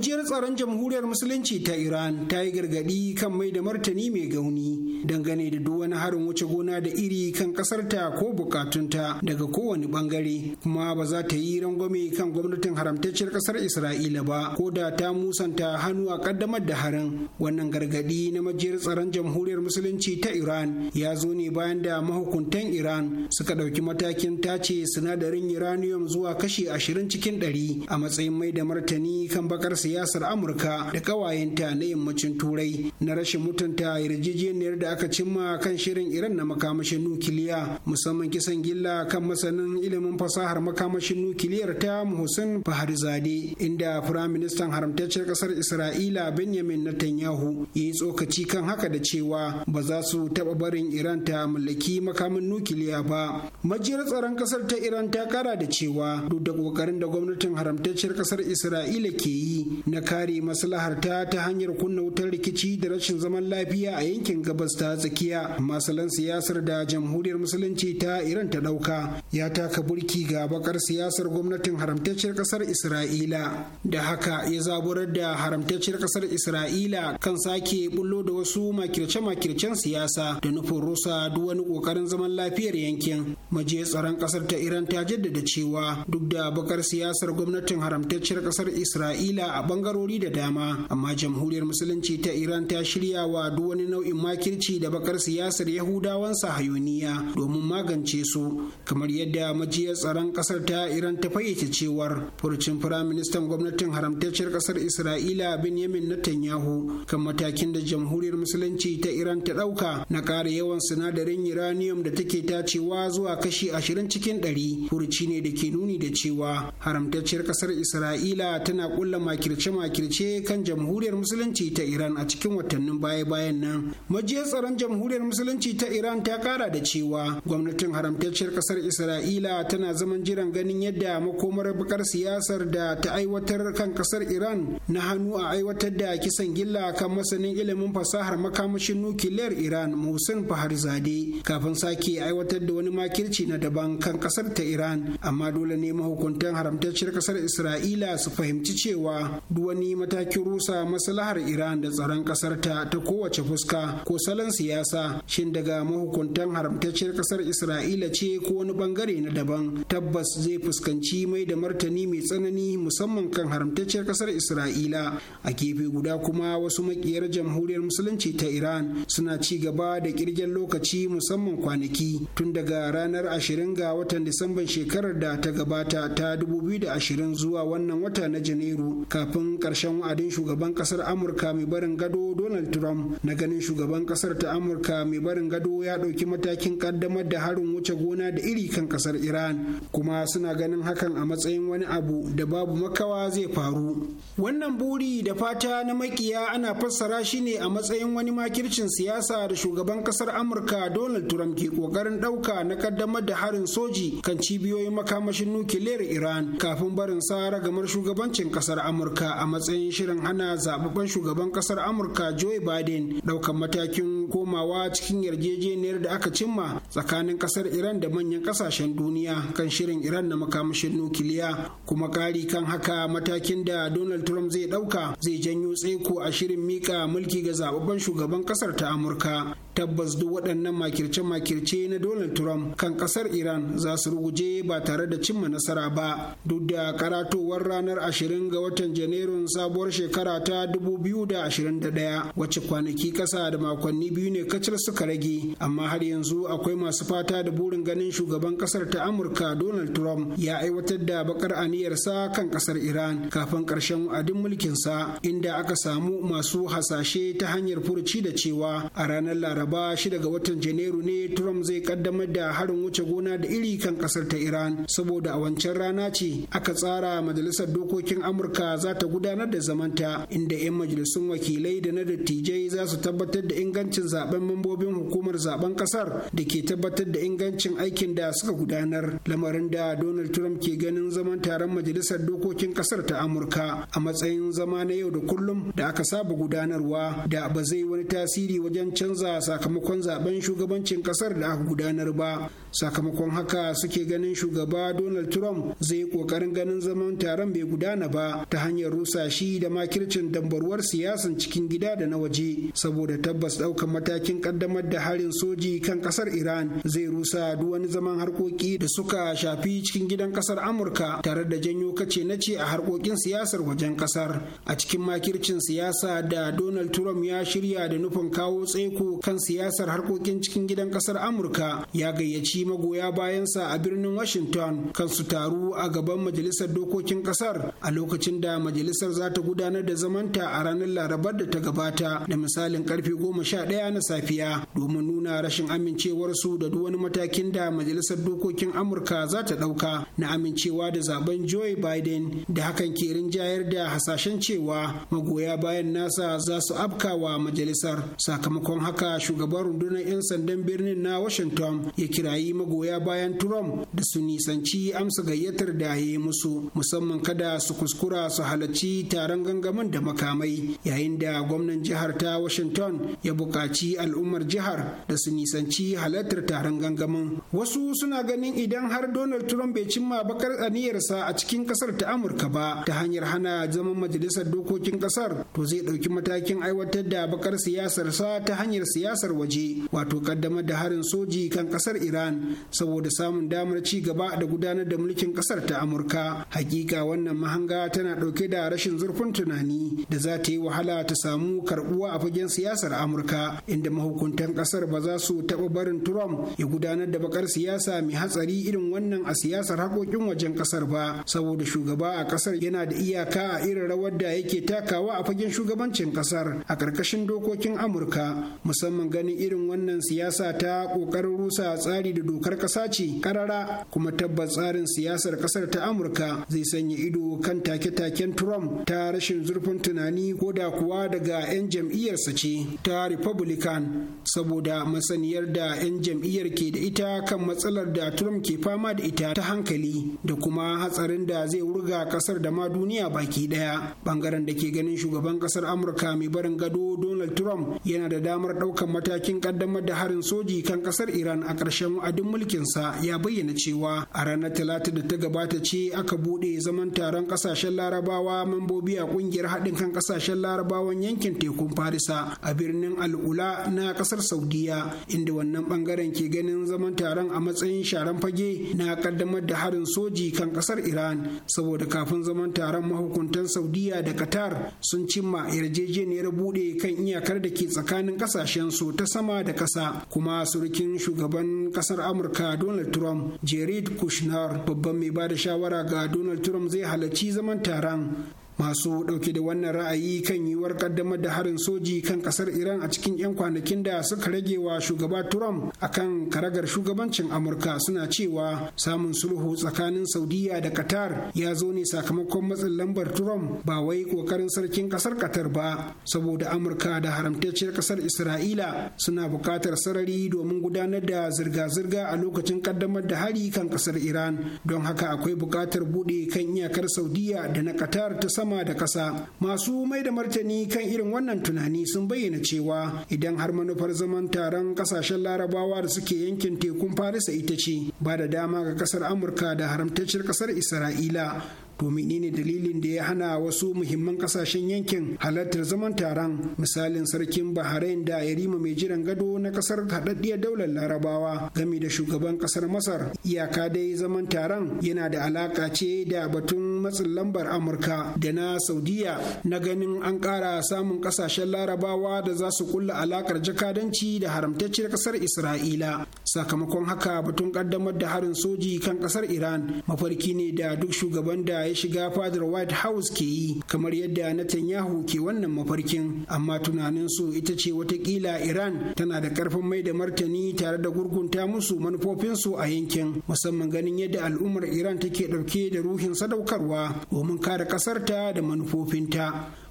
majiyar tsaron jamhuriyar musulunci ta iran ta yi gargaɗi kan mai da martani mai gauni dangane da duk wani harin wuce gona da iri kan kasarta ko bukatunta daga kowane bangare kuma ba za ta yi rangwame kan gwamnatin haramtacciyar ƙasar isra'ila ba ko da ta musanta hannu a ƙaddamar da harin wannan gargaɗi na majiyar tsaron jamhuriyar musulunci ta iran ya zo ne bayan da mahukuntan iran suka ɗauki matakin tace sinadarin uranium zuwa kashi ashirin cikin ɗari a matsayin mai da martani kan bakar siyasar amurka da ƙawayenta na yammacin turai na rashin mutunta yarjejeniyar da aka cimma kan shirin iran na makamashin nukiliya musamman kisan gilla kan masanin ilimin fasahar makamashin nukiliyar ta muhsin faharizade inda firaministan haramtaccen ƙasar isra'ila benjamin netanyahu ya yi tsokaci kan haka da cewa ba za su taɓa barin iran ta mallaki makamin nukiliya ba majiyar tsaron ƙasar ta iran ta kara da cewa duk da ƙoƙarin da gwamnatin haramtaccen ƙasar isra'ila ke yi na kare maslaharta ta hanyar kunna wutar rikici da rashin zaman lafiya a yankin gabas ta tsakiya masalan siyasar da jamhuriyar musulunci ta iran ta dauka ya taka burki ga bakar siyasar gwamnatin haramtacciyar kasar isra'ila da haka ya zaburar da haramtacciyar kasar isra'ila kan sake bullo da wasu makirce-makircen siyasa da nufin rusa duk wani kokarin zaman lafiyar yankin maje tsaron kasar ta iran ta jaddada cewa duk da bakar siyasar gwamnatin haramtacciyar kasar isra'ila a bangarori da dama amma jamhuriyar musulunci ta iran ta shirya wa duk wani nau'in makirci da bakar siyasar yahudawan sahayoniya domin magance su kamar yadda majiyar tsaron kasar ta iran ta fayyace cewar furcin firaministan gwamnatin haramtacciyar kasar isra'ila Bin na netanyahu kan matakin da jamhuriyar musulunci ta iran ta ɗauka na ƙara yawan sinadarin uranium da take tacewa zuwa kashi ashirin cikin ɗari furci ne da ke nuni da cewa haramtacciyar kasar isra'ila tana ƙulla makirci makirce-makirce kan jamhuriyar musulunci ta iran a cikin watannin baya-bayan nan majiyar tsaron jamhuriyar musulunci ta iran ta kara da cewa gwamnatin haramtacciyar kasar isra'ila tana zaman jiran ganin yadda makomar bakar siyasar da ta aiwatar kan kasar iran na hannu a aiwatar da kisan gilla kan masanin ilimin fasahar makamashin nukiliyar iran Musin faharzade kafin sake aiwatar da wani makirci na daban kan kasar ta iran amma dole ne mahukuntan haramtacciyar kasar isra'ila su fahimci cewa duk wani matakin rusa maslahar iran da tsaron kasar ta kowace fuska ko salon siyasa shin daga mahukuntan haramtacciyar kasar isra'ila ce ko wani bangare na daban tabbas zai fuskanci mai da martani mai tsanani musamman kan haramtacciyar kasar isra'ila a gefe guda kuma wasu makiyar jamhuriyar musulunci ta iran suna ci gaba da kirgen lokaci musamman kwanaki tun daga ranar ashirin ga watan disamban shekarar da ta gabata ta 2020 zuwa wannan wata na janairu kafin tun karshen wa'adin shugaban kasar amurka mai barin gado donald trump na ganin shugaban kasar ta amurka mai barin gado ya ɗauki matakin kaddamar da harin wuce gona da iri kan kasar iran kuma suna ganin hakan a matsayin wani abu da babu makawa zai faru wannan buri da fata na makiya ana fassara shi ne a matsayin wani makircin siyasa da shugaban kasar amurka donald trump ke ƙoƙarin ɗauka na kaddamar da harin soji kan cibiyoyin makamashin nukiliyar iran kafin barin sa ragamar shugabancin kasar amurka a matsayin shirin hana zababben shugaban kasar amurka joe biden daukan matakin komawa cikin yarjejeniyar da aka cimma tsakanin kasar iran da manyan kasashen duniya kan shirin iran na makamashin nukiliya kuma kari kan haka matakin da donald trump zai dauka zai janyo tsaiko a shirin mika mulki ga zababben shugaban kasar ta amurka tabbas duk waɗannan makirce-makirce na Donald Trump kan ƙasar Iran za su ruguje ba tare da cimma nasara ba duk da karatowar ranar 20 ga watan Janairun sabuwar shekara ta 2021 wacce kwanaki ƙasa da makonni biyu ne kacar suka rage amma har yanzu akwai masu fata da burin ganin shugaban ƙasar ta Amurka Donald Trump ya aiwatar da bakar aniyarsa kan ƙasar Iran kafin ƙarshen wa'adin mulkinsa inda aka samu masu hasashe ta hanyar furuci da cewa a ranar Laraba laraba shida ga watan janairu ne trump zai kaddamar da harin wuce gona da iri kan kasar ta iran saboda a wancan rana ce aka tsara majalisar dokokin amurka za ta gudanar da zamanta inda 'yan majalisun wakilai da na dattijai za su tabbatar da ingancin zaben mambobin hukumar zaben kasar da ke tabbatar da ingancin aikin da suka gudanar lamarin da donald trump ke ganin zaman taron majalisar dokokin kasar ta amurka a matsayin zama na yau da kullum da aka saba gudanarwa da ba zai wani tasiri wajen canza sakamakon zaben shugabancin kasar da aka gudanar ba sakamakon haka suke ganin shugaba donald trump zai kokarin ganin zaman taron bai gudana ba ta hanyar rusa shi da makircin dambarwar siyasan cikin gida da na waje saboda tabbas daukan matakin kaddamar da harin soji kan kasar iran zai rusa duk wani zaman harkoki da suka shafi cikin gidan kasar amurka tare da janyo kace na ce a harkokin siyasar wajen kasar a cikin makircin siyasa da donald trump ya shirya da nufin kawo tsaiko kan siyasar harkokin cikin gidan kasar amurka ya gayyaci magoya bayansa a birnin Washington kan su taru a gaban majalisar dokokin kasar a lokacin da majalisar za ta gudanar da zamanta a ranar larabar da ta gabata da misalin karfe goma sha ɗaya na safiya domin nuna rashin amincewarsu da duk wani matakin da majalisar dokokin Amurka za ta ɗauka na amincewa da zaben Joe Biden da hakan ke rinjayar da hasashen cewa magoya bayan nasa za su afkawa majalisar sakamakon haka shugaban rundunar 'yan sandan birnin na Washington ya kirayi yi magoya bayan Trump da su nisanci amsa gayyatar da ya musu musamman kada su kuskura su halarci taron gangamin da makamai yayin da gwamnan jihar ta Washington ya buƙaci al'ummar jihar da su nisanci halartar taron gangamin. Wasu suna ganin idan har Donald Trump bai cimma bakar aniyarsa a cikin ƙasar ta Amurka ba ta hanyar hana zaman majalisar dokokin ƙasar to zai ɗauki matakin aiwatar da bakar siyasarsa ta hanyar siyasar waje wato kaddamar da harin soji kan ƙasar Iran saboda samun damar ci gaba da gudanar da mulkin kasar ta amurka hakika wannan mahanga tana dauke da rashin zurfin tunani da za ta yi wahala ta samu karbuwa a fagen siyasar amurka inda mahukuntan kasar ba za su taba barin trump ya gudanar da bakar siyasa mai hatsari irin wannan a siyasar hakokin wajen kasar ba saboda shugaba a kasar yana da iyaka a irin rawar da yake takawa a fagen shugabancin kasar a ƙarƙashin dokokin amurka musamman ganin irin wannan siyasa ta ƙoƙarin rusa tsari da dokar ƙasa ce karara kuma tabbas tsarin siyasar ƙasar ta amurka zai sanya ido kan take-taken trump ta rashin zurfin tunani ko da kuwa daga 'yan jam'iyyarsa ce ta republican saboda masaniyar da 'yan jam'iyyar ke da ita kan matsalar da trump ke fama da ita ta hankali da kuma hatsarin da zai wurga ƙasar da ma duniya baki ɗaya bangaren da ke ganin shugaban ƙasar amurka mai barin gado donald trump yana da damar ɗaukar matakin ƙaddamar da harin soji kan ƙasar iran a ƙarshen wa'adin kundin mulkinsa ya bayyana cewa a ranar talata da ta gabata ce aka buɗe zaman taron ƙasashen larabawa mambobi a ƙungiyar haɗin kan ƙasashen larabawan yankin tekun farisa a birnin al'ula na ƙasar saudiya inda wannan ɓangaren ke ganin zaman taron a matsayin sharan fage na ƙaddamar da harin soji kan ƙasar iran saboda kafin zaman taron mahukuntan saudiya da qatar sun cimma yarjejeniyar buɗe kan iyakar da ke tsakanin kasashen su ta sama da ƙasa kuma surukin shugaban ƙasar amurka donald trump jared kushner babban mai ba da shawara ga donald trump zai halarci zaman taron masu ɗauke da wannan ra'ayi kan yiwuwar kaddamar da harin soji kan ƙasar iran a cikin 'yan kwanakin da suka rage wa shugaba trump akan karagar shugabancin amurka suna cewa samun sulhu tsakanin saudiya da qatar ya zo ne sakamakon matsin lambar trump ba wai kokarin sarkin ƙasar qatar ba saboda amurka da haramtacciyar ƙasar isra'ila suna buƙatar sarari domin gudanar da zirga-zirga a lokacin kaddamar da hari kan ƙasar iran don haka akwai buƙatar buɗe kan iyakar saudiya da na qatar ta sama sama da ƙasa masu mai da martani kan irin wannan tunani sun bayyana cewa idan har manufar zaman taron ƙasashen larabawa da suke yankin tekun farisa ita ce ba da dama ga ƙasar amurka da haramtacciyar ƙasar isra'ila to menene dalilin da ya hana wasu muhimman kasashen yankin halartar zaman taron misalin sarkin bahrain da yarima mai jiran gado na kasar haɗaɗɗiyar daular larabawa game da shugaban kasar masar iyaka dai zaman taron yana da alaka ce da batun matsin lambar amurka da na saudiya na ganin an ƙara samun kasashen larabawa da za su kulla alakar jakadanci da haramtacciyar kasar isra'ila sakamakon haka batun ƙaddamar da harin soji kan kasar iran mafarki ne da duk shugaban da yi shiga fadar white house ke yi kamar yadda netanyahu ke wannan mafarkin amma tunanin su ita ce watakila iran tana da karfin mai da martani tare da gurgunta musu manufofinsu a yankin musamman ganin yadda al'ummar iran take dauke da ruhin sadaukarwa domin kare kasarta da manufofinta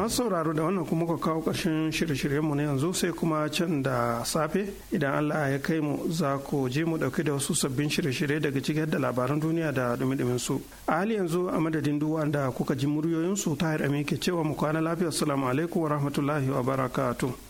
masu sauraro da wannan kuma ka kawo ƙarshen shirye-shiryenmu na yanzu sai kuma can da safe idan Allah ya kai mu za ku je mu ɗauki da wasu sabbin shirye-shirye daga cikin da labaran duniya da dumi su. A hali yanzu a madadin duk wanda kuka ji muryoyinsu ta hira ke cewa mu kwana lafiya. Assalamu alaikum wa rahmatullahi wa barakatuh.